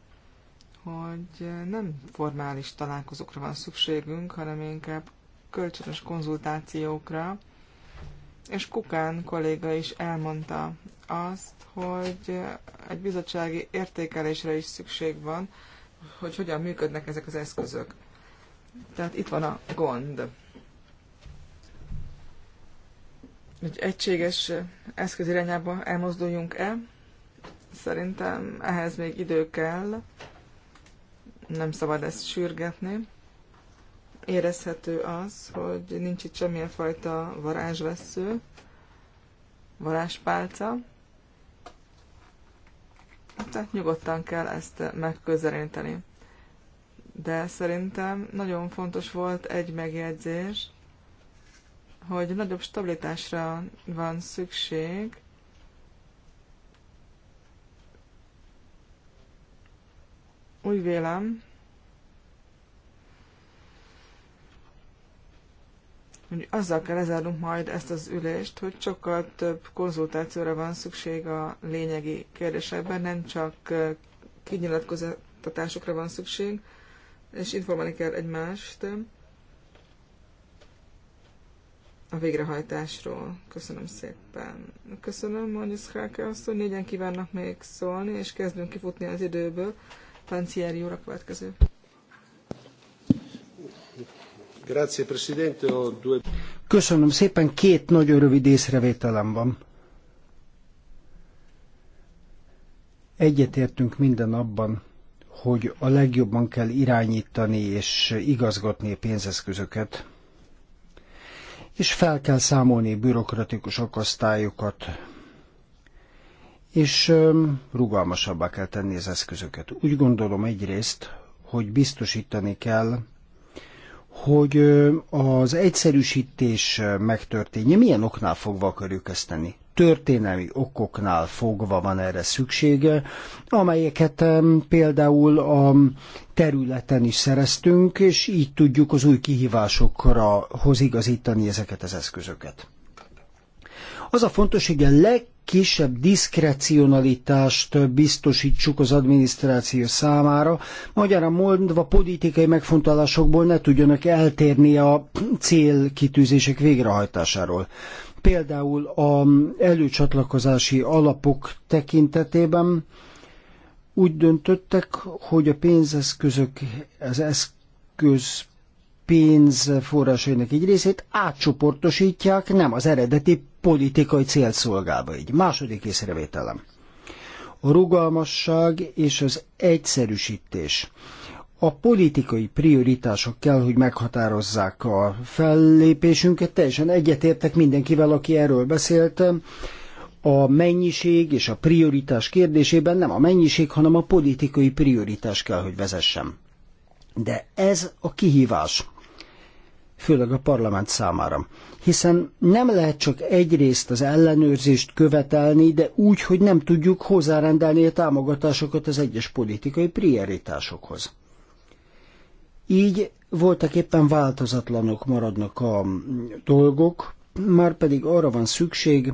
hogy nem formális találkozókra van szükségünk, hanem inkább kölcsönös konzultációkra, és Kukán kolléga is elmondta azt, hogy egy bizottsági értékelésre is szükség van, hogy hogyan működnek ezek az eszközök. Tehát itt van a gond. egy egységes eszköz irányába elmozduljunk el. Szerintem ehhez még idő kell, nem szabad ezt sürgetni. Érezhető az, hogy nincs itt semmilyen fajta varázsvesző, varázspálca. Tehát nyugodtan kell ezt megközelíteni. De szerintem nagyon fontos volt egy megjegyzés, hogy nagyobb stabilitásra van szükség, úgy vélem, hogy azzal kell lezárnunk majd ezt az ülést, hogy sokkal több konzultációra van szükség a lényegi kérdésekben, nem csak kinyilatkozatásokra van szükség, és informálni kell egymást a végrehajtásról. Köszönöm szépen. Köszönöm, mondja Szkáke hogy Négyen kívánnak még szólni, és kezdünk kifutni az időből. Pancieri úr a következő. Grazie, Presidente. Köszönöm szépen, két nagyon rövid észrevételem van. Egyetértünk minden abban, hogy a legjobban kell irányítani és igazgatni a pénzeszközöket, és fel kell számolni bürokratikus akasztályokat, és rugalmasabbá kell tenni az eszközöket. Úgy gondolom egyrészt, hogy biztosítani kell, hogy az egyszerűsítés megtörténje. Milyen oknál fogva akarjuk ezt tenni? Történelmi okoknál fogva van erre szüksége, amelyeket például a területen is szereztünk, és így tudjuk az új kihívásokra hoz igazítani ezeket az eszközöket. Az a fontos, hogy a leg kisebb diszkrecionalitást biztosítsuk az adminisztráció számára, magyarán mondva politikai megfontolásokból ne tudjanak eltérni a célkitűzések végrehajtásáról. Például a előcsatlakozási alapok tekintetében úgy döntöttek, hogy a pénzeszközök, az eszköz pénzforrásainak egy részét átcsoportosítják, nem az eredeti politikai szolgálva, így. Második észrevételem. A rugalmasság és az egyszerűsítés. A politikai prioritások kell, hogy meghatározzák a fellépésünket. Teljesen egyetértek mindenkivel, aki erről beszélt. A mennyiség és a prioritás kérdésében nem a mennyiség, hanem a politikai prioritás kell, hogy vezessem. De ez a kihívás főleg a parlament számára. Hiszen nem lehet csak egyrészt az ellenőrzést követelni, de úgy, hogy nem tudjuk hozzárendelni a támogatásokat az egyes politikai prioritásokhoz. Így voltak éppen változatlanok maradnak a dolgok, már pedig arra van szükség,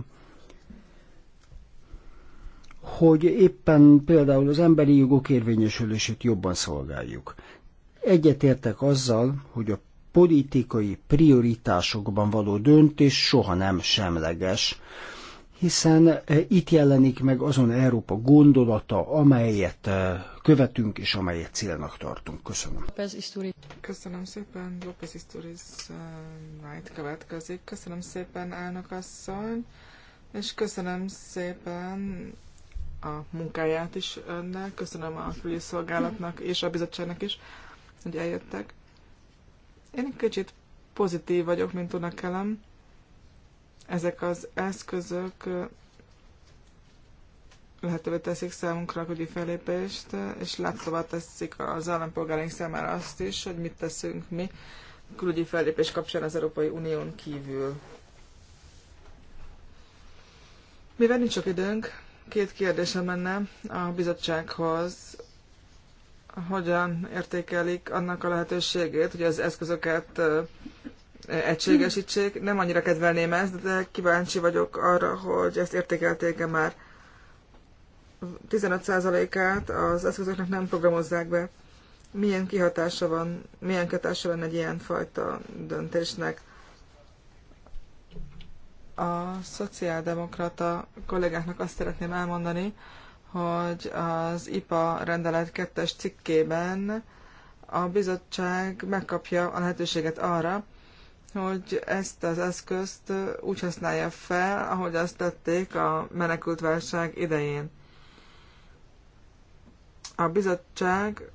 hogy éppen például az emberi jogok érvényesülését jobban szolgáljuk. Egyetértek azzal, hogy a politikai prioritásokban való döntés soha nem semleges, hiszen eh, itt jelenik meg azon Európa gondolata, amelyet eh, követünk és amelyet célnak tartunk. Köszönöm. Köszönöm szépen, López Isturiz White eh, következik. Köszönöm szépen, elnök asszony, és köszönöm szépen a munkáját is önnek, köszönöm a külszolgálatnak és a bizottságnak is, hogy eljöttek. Én egy kicsit pozitív vagyok, mint unakelem. Ezek az eszközök lehetővé teszik számunkra a külügyi fellépést, és látszóvá teszik az állampolgáraink számára azt is, hogy mit teszünk mi külügyi fellépés kapcsán az Európai Unión kívül. Mivel nincs sok időnk, két kérdésem menne a bizottsághoz hogyan értékelik annak a lehetőségét, hogy az eszközöket egységesítsék. Nem annyira kedvelném ezt, de kíváncsi vagyok arra, hogy ezt értékelték-e már. 15%-át az eszközöknek nem programozzák be. Milyen kihatása van, milyen kötása van egy ilyen fajta döntésnek? A szociáldemokrata kollégáknak azt szeretném elmondani, hogy az IPA rendelet kettes cikkében a bizottság megkapja a lehetőséget arra, hogy ezt az eszközt úgy használja fel, ahogy azt tették a menekültválság idején. A bizottság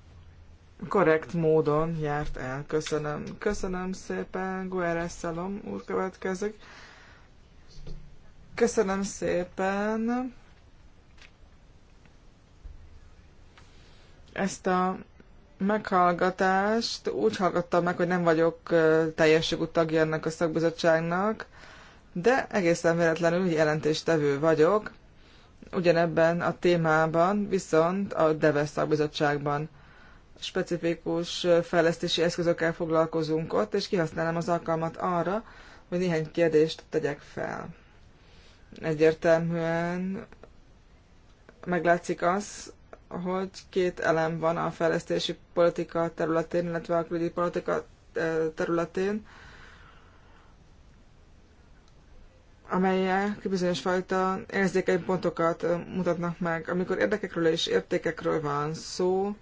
korrekt módon járt el. Köszönöm. Köszönöm szépen, Guerres Szalom úr következik. Köszönöm szépen. Ezt a meghallgatást úgy hallgattam meg, hogy nem vagyok teljes jogú tagja ennek a szakbizottságnak, de egészen véletlenül jelentéstevő vagyok, ugyanebben a témában, viszont a Deves szakbizottságban specifikus fejlesztési eszközökkel foglalkozunk ott, és kihasználom az alkalmat arra, hogy néhány kérdést tegyek fel. Egyértelműen meglátszik az, hogy két elem van a fejlesztési politika területén, illetve a külügyi politika területén, amelyek bizonyos fajta érzékeny pontokat mutatnak meg. Amikor érdekekről és értékekről van szó,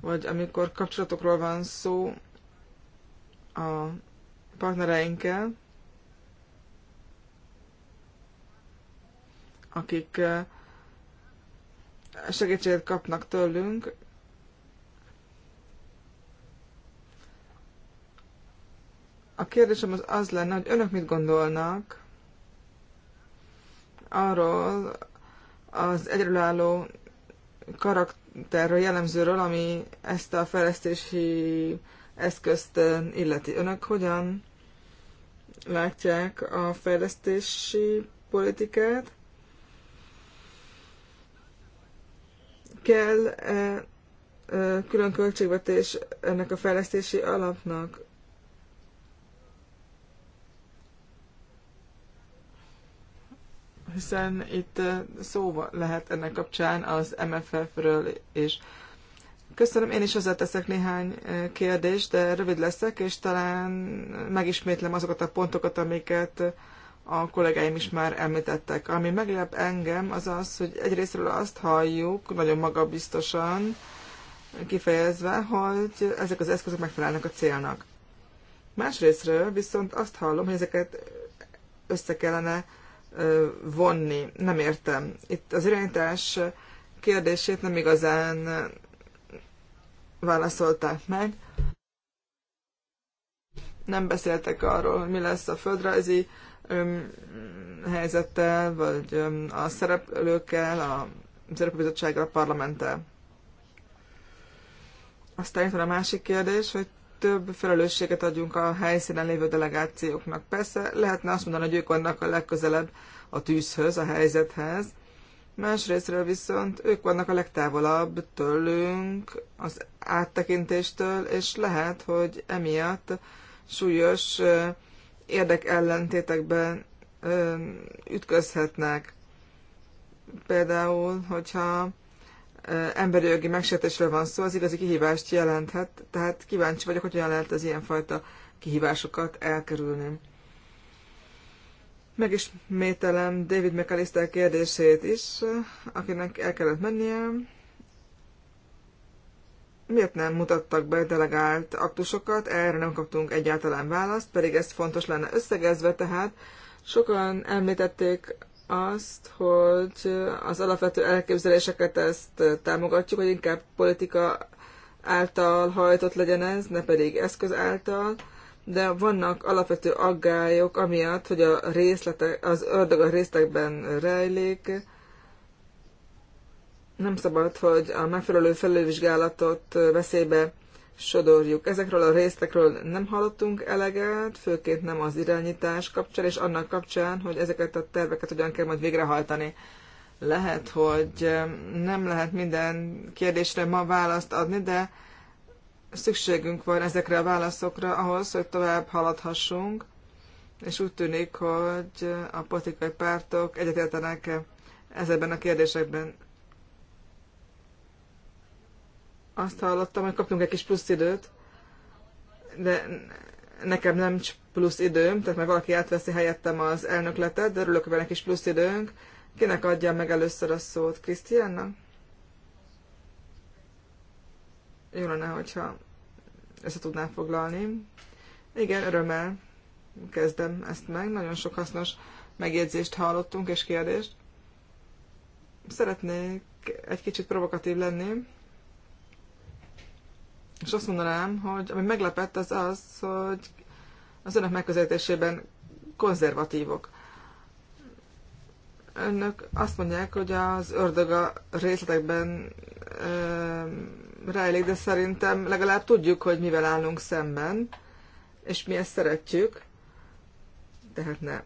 vagy amikor kapcsolatokról van szó a partnereinkkel, akik segítséget kapnak tőlünk. A kérdésem az az lenne, hogy önök mit gondolnak arról az egyrülálló karakterről, jellemzőről, ami ezt a fejlesztési eszközt illeti. Önök hogyan látják a fejlesztési politikát? kell -e külön költségvetés ennek a fejlesztési alapnak? Hiszen itt szó lehet ennek kapcsán az MFF-ről is. Köszönöm, én is hozzáteszek néhány kérdést, de rövid leszek, és talán megismétlem azokat a pontokat, amiket a kollégáim is már említettek. Ami meglep engem, az az, hogy egyrésztről azt halljuk, nagyon magabiztosan kifejezve, hogy ezek az eszközök megfelelnek a célnak. Másrésztről viszont azt hallom, hogy ezeket össze kellene vonni. Nem értem. Itt az irányítás kérdését nem igazán válaszolták meg. Nem beszéltek arról, hogy mi lesz a földrajzi helyzettel, vagy a szereplőkkel, a szereplőbizottsággal, a parlamenttel. Aztán itt van a másik kérdés, hogy több felelősséget adjunk a helyszínen lévő delegációknak. Persze lehetne azt mondani, hogy ők vannak a legközelebb a tűzhöz, a helyzethez. Másrésztről viszont ők vannak a legtávolabb tőlünk, az áttekintéstől, és lehet, hogy emiatt súlyos érdekellentétekben ütközhetnek. Például, hogyha emberi jogi megsértésről van szó, az igazi kihívást jelenthet, tehát kíváncsi vagyok, hogy hogyan lehet az ilyenfajta kihívásokat elkerülni. Megismételem David McAllister kérdését is, akinek el kellett mennie miért nem mutattak be delegált aktusokat, erre nem kaptunk egyáltalán választ, pedig ezt fontos lenne összegezve, tehát sokan említették azt, hogy az alapvető elképzeléseket ezt támogatjuk, hogy inkább politika által hajtott legyen ez, ne pedig eszköz által, de vannak alapvető aggályok amiatt, hogy a részlete, az ördög a részletekben rejlik, nem szabad, hogy a megfelelő felülvizsgálatot veszélybe sodorjuk. Ezekről a részekről nem hallottunk eleget, főként nem az irányítás kapcsán, és annak kapcsán, hogy ezeket a terveket hogyan kell majd végrehajtani. Lehet, hogy nem lehet minden kérdésre ma választ adni, de szükségünk van ezekre a válaszokra ahhoz, hogy tovább haladhassunk, és úgy tűnik, hogy a politikai pártok egyetértenek ezekben a kérdésekben azt hallottam, hogy kaptunk egy kis plusz időt, de nekem nem plusz időm, tehát mert valaki átveszi helyettem az elnökletet, de örülök, hogy van egy kis plusz időnk. Kinek adja meg először a szót? Krisztiánnak? Jó lenne, hogyha össze tudnám foglalni. Igen, örömmel kezdem ezt meg. Nagyon sok hasznos megjegyzést hallottunk és kérdést. Szeretnék egy kicsit provokatív lenni. És azt mondanám, hogy ami meglepett, az az, hogy az önök megközelítésében konzervatívok. Önök azt mondják, hogy az ördög a részletekben ö, rejlik, de szerintem legalább tudjuk, hogy mivel állunk szemben, és mi ezt szeretjük. Tehát nem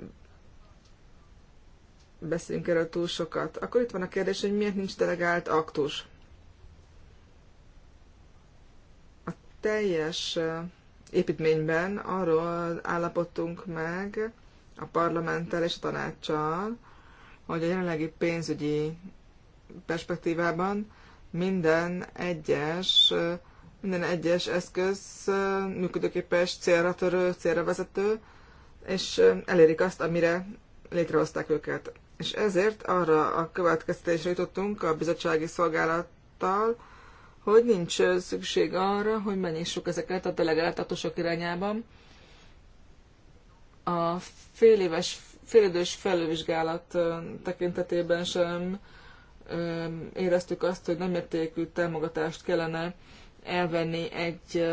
beszéljünk erről túl sokat. Akkor itt van a kérdés, hogy miért nincs delegált aktus. teljes eh, építményben arról állapodtunk meg a parlamenttel és a tanácssal, hogy a jelenlegi pénzügyi perspektívában minden egyes, eh, minden egyes eszköz eh, működőképes, célra törő, célra vezető, és elérik azt, amire létrehozták őket. És ezért arra a következtetésre jutottunk a bizottsági szolgálattal, hogy nincs szükség arra, hogy megnyissuk ezeket a delegáltatósok irányában. A fél éves, félidős felülvizsgálat tekintetében sem éreztük azt, hogy nem értékű támogatást kellene elvenni egy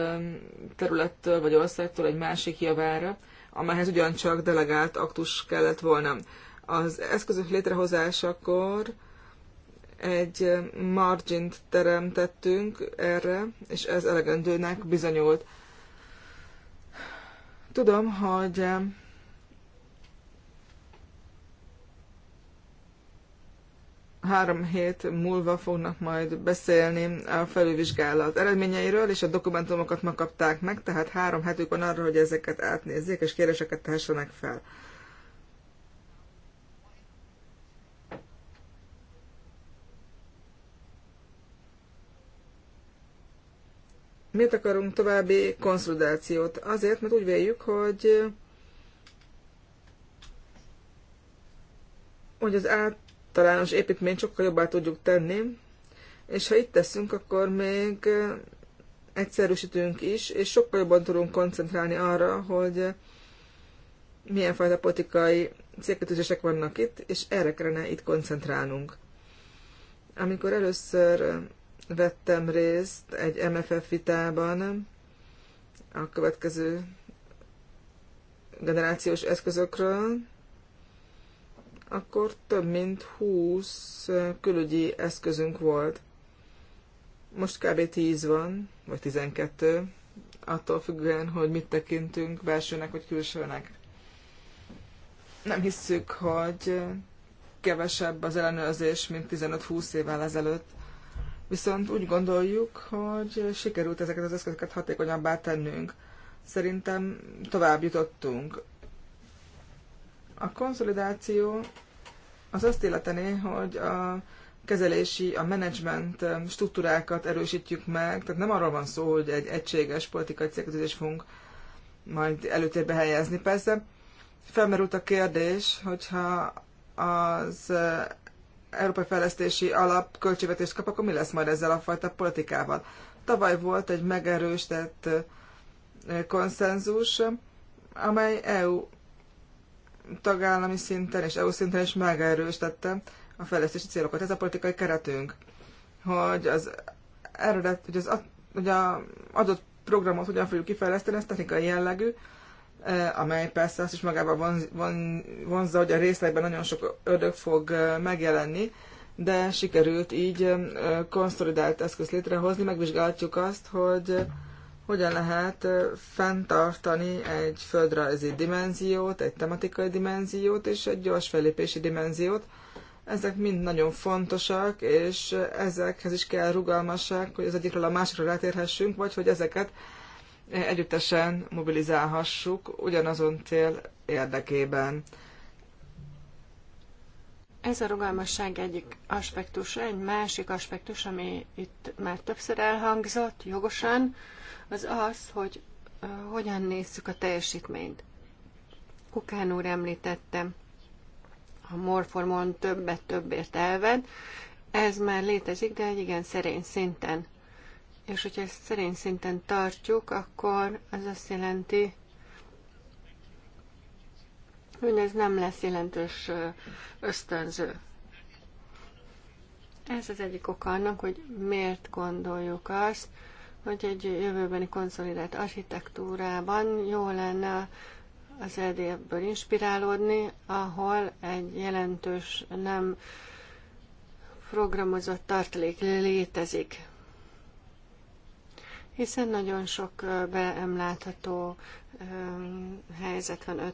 területtől vagy országtól egy másik javára, amelyhez ugyancsak delegált aktus kellett volna. Az eszközök létrehozásakor egy margint teremtettünk erre, és ez elegendőnek bizonyult. Tudom, hogy eh, három hét múlva fognak majd beszélni a felülvizsgálat eredményeiről, és a dokumentumokat ma kapták meg, tehát három hetük van arra, hogy ezeket átnézzék, és kéréseket tehessenek fel. Miért akarunk további konszolidációt? Azért, mert úgy véljük, hogy hogy az általános építményt sokkal jobbá tudjuk tenni, és ha itt teszünk, akkor még egyszerűsítünk is, és sokkal jobban tudunk koncentrálni arra, hogy milyen fajta politikai célkötőzések vannak itt, és erre kellene itt koncentrálnunk. Amikor először vettem részt egy MFF vitában a következő generációs eszközökről, akkor több mint 20 külügyi eszközünk volt. Most kb. 10 van, vagy 12, attól függően, hogy mit tekintünk belsőnek vagy külsőnek. Nem hiszük, hogy kevesebb az ellenőrzés, mint 15-20 évvel ezelőtt Viszont úgy gondoljuk, hogy sikerült ezeket az eszközöket hatékonyabbá tennünk. Szerintem tovább jutottunk. A konszolidáció az azt illetené, hogy a kezelési, a menedzsment struktúrákat erősítjük meg, tehát nem arról van szó, hogy egy egységes politikai célkötözést fogunk majd előtérbe helyezni. Persze felmerült a kérdés, hogyha az Európai Fejlesztési Alap költségvetést kap, akkor mi lesz majd ezzel a fajta politikával? Tavaly volt egy megerősített konszenzus, amely EU tagállami szinten és EU szinten is megerősítette a fejlesztési célokat. Ez a politikai keretünk, hogy az eredet, hogy az hogy a adott programot hogyan fogjuk kifejleszteni, ez technikai jellegű, Eh, amely persze azt is magában von, von, vonzza, hogy a részlegben nagyon sok ördög fog eh, megjelenni, de sikerült így eh, konszolidált eszköz létrehozni. Megvizsgálhatjuk azt, hogy hogyan lehet fenntartani egy földrajzi dimenziót, egy tematikai dimenziót és egy gyors felépési dimenziót. Ezek mind nagyon fontosak, és ezekhez is kell rugalmasság, hogy az egyikről a másikra rátérhessünk, vagy hogy ezeket együttesen mobilizálhassuk ugyanazon cél érdekében. Ez a rugalmasság egyik aspektusa, egy másik aspektus, ami itt már többször elhangzott, jogosan, az az, hogy hogyan nézzük a teljesítményt. Kukán úr említette a morformon többet többért elved, ez már létezik, de egy igen szerény szinten. És hogyha ezt szerény szinten tartjuk, akkor az azt jelenti, hogy ez nem lesz jelentős ösztönző. Ez az egyik oka annak, hogy miért gondoljuk azt, hogy egy jövőbeni konszolidált architektúrában jó lenne az edélyből inspirálódni, ahol egy jelentős, nem programozott tartalék létezik hiszen nagyon sok beemlátható helyzet van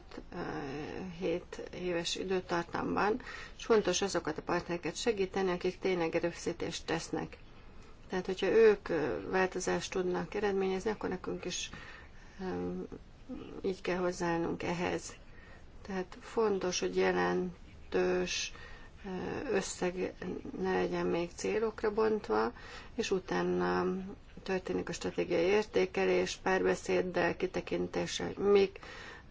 5-7 éves időtartamban, és fontos azokat a partnereket segíteni, akik tényleg erőfeszítést tesznek. Tehát, hogyha ők változást tudnak eredményezni, akkor nekünk is így kell hozzáállnunk ehhez. Tehát fontos, hogy jelentős összeg ne legyen még célokra bontva, és utána történik a stratégiai értékelés, párbeszéddel, kitekintése, hogy mik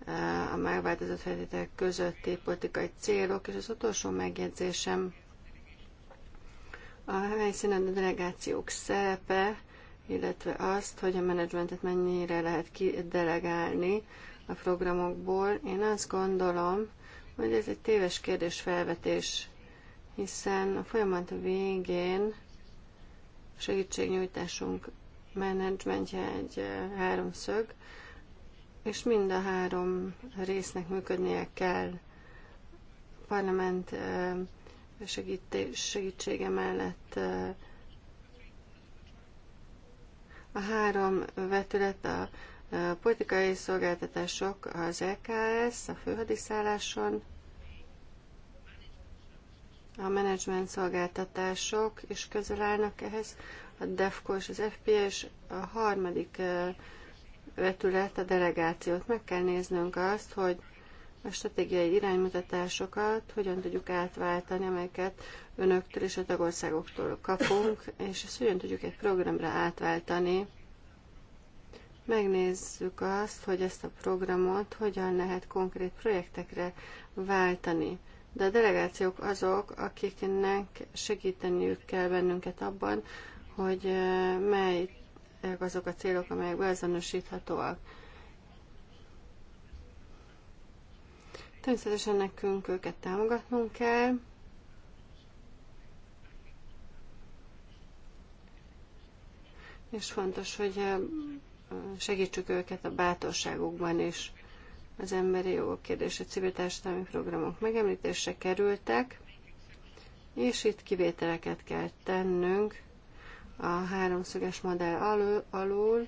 eh, a megváltozott feltételek közötti politikai célok, és az utolsó megjegyzésem a helyszínen a delegációk szerepe, illetve azt, hogy a menedzsmentet mennyire lehet kidelegálni a programokból. Én azt gondolom, hogy ez egy téves kérdés felvetés, hiszen a folyamat végén segítségnyújtásunk menedzsmentje egy háromszög, és mind a három résznek működnie kell a parlament segítsége mellett. A három vetület a politikai szolgáltatások az EKS, a főhadiszálláson, a menedzsment szolgáltatások is közel állnak ehhez, a DEFCO és az FPS a harmadik vetület a delegációt. Meg kell néznünk azt, hogy a stratégiai iránymutatásokat hogyan tudjuk átváltani, amelyeket önöktől és a tagországoktól kapunk, és ezt hogyan tudjuk egy programra átváltani. Megnézzük azt, hogy ezt a programot hogyan lehet konkrét projektekre váltani. De a delegációk azok, akiknek segíteniük kell bennünket abban, hogy mely azok a célok, amelyek beazonosíthatóak. Természetesen nekünk őket támogatnunk kell. És fontos, hogy segítsük őket a bátorságukban is. Az emberi jogok kérdése, civil társadalmi programok megemlítésre kerültek, és itt kivételeket kell tennünk a háromszöges modell alul, alul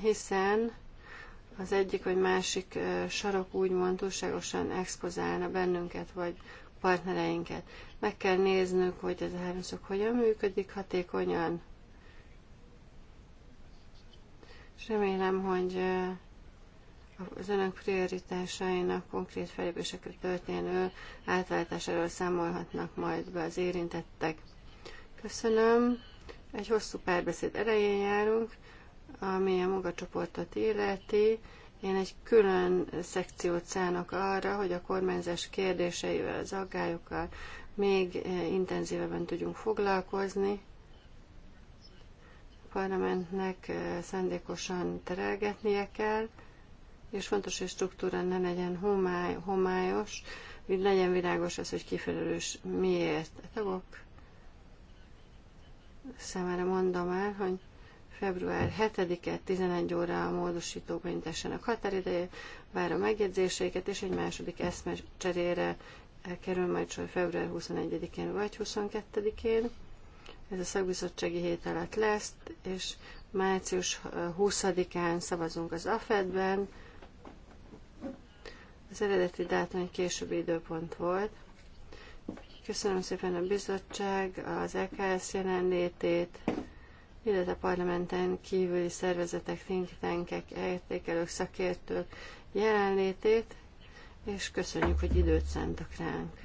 hiszen az egyik vagy másik sarok úgymond túlságosan expozálna bennünket, vagy partnereinket. Meg kell néznünk, hogy ez a háromszög hogyan működik hatékonyan. És remélem, hogy az önök prioritásainak konkrét felépésekre történő átváltásáról számolhatnak majd be az érintettek. Köszönöm. Egy hosszú párbeszéd elején járunk, ami a munkacsoportot illeti. Én egy külön szekciót szánok arra, hogy a kormányzás kérdéseivel, az aggályokkal még eh, intenzívebben tudjunk foglalkozni. A parlamentnek eh, szándékosan terelgetnie kell, és fontos, hogy struktúra ne legyen homály, homályos, hogy legyen világos az, hogy kifelelős miért. A tagok számára mondom el, hogy február 7-e 11 óra a módosítók benyitásának határideje, vár a megjegyzéseiket, és egy második cserére kerül majd sor február 21-én vagy 22-én. Ez a szakbizottsági hét alatt lesz, és március 20-án szavazunk az AFED-ben. Az eredeti dátum egy későbbi időpont volt, Köszönöm szépen a bizottság, az EKS jelenlétét, illetve a parlamenten kívüli szervezetek, think tankek, értékelők, szakértők jelenlétét, és köszönjük, hogy időt szántak ránk.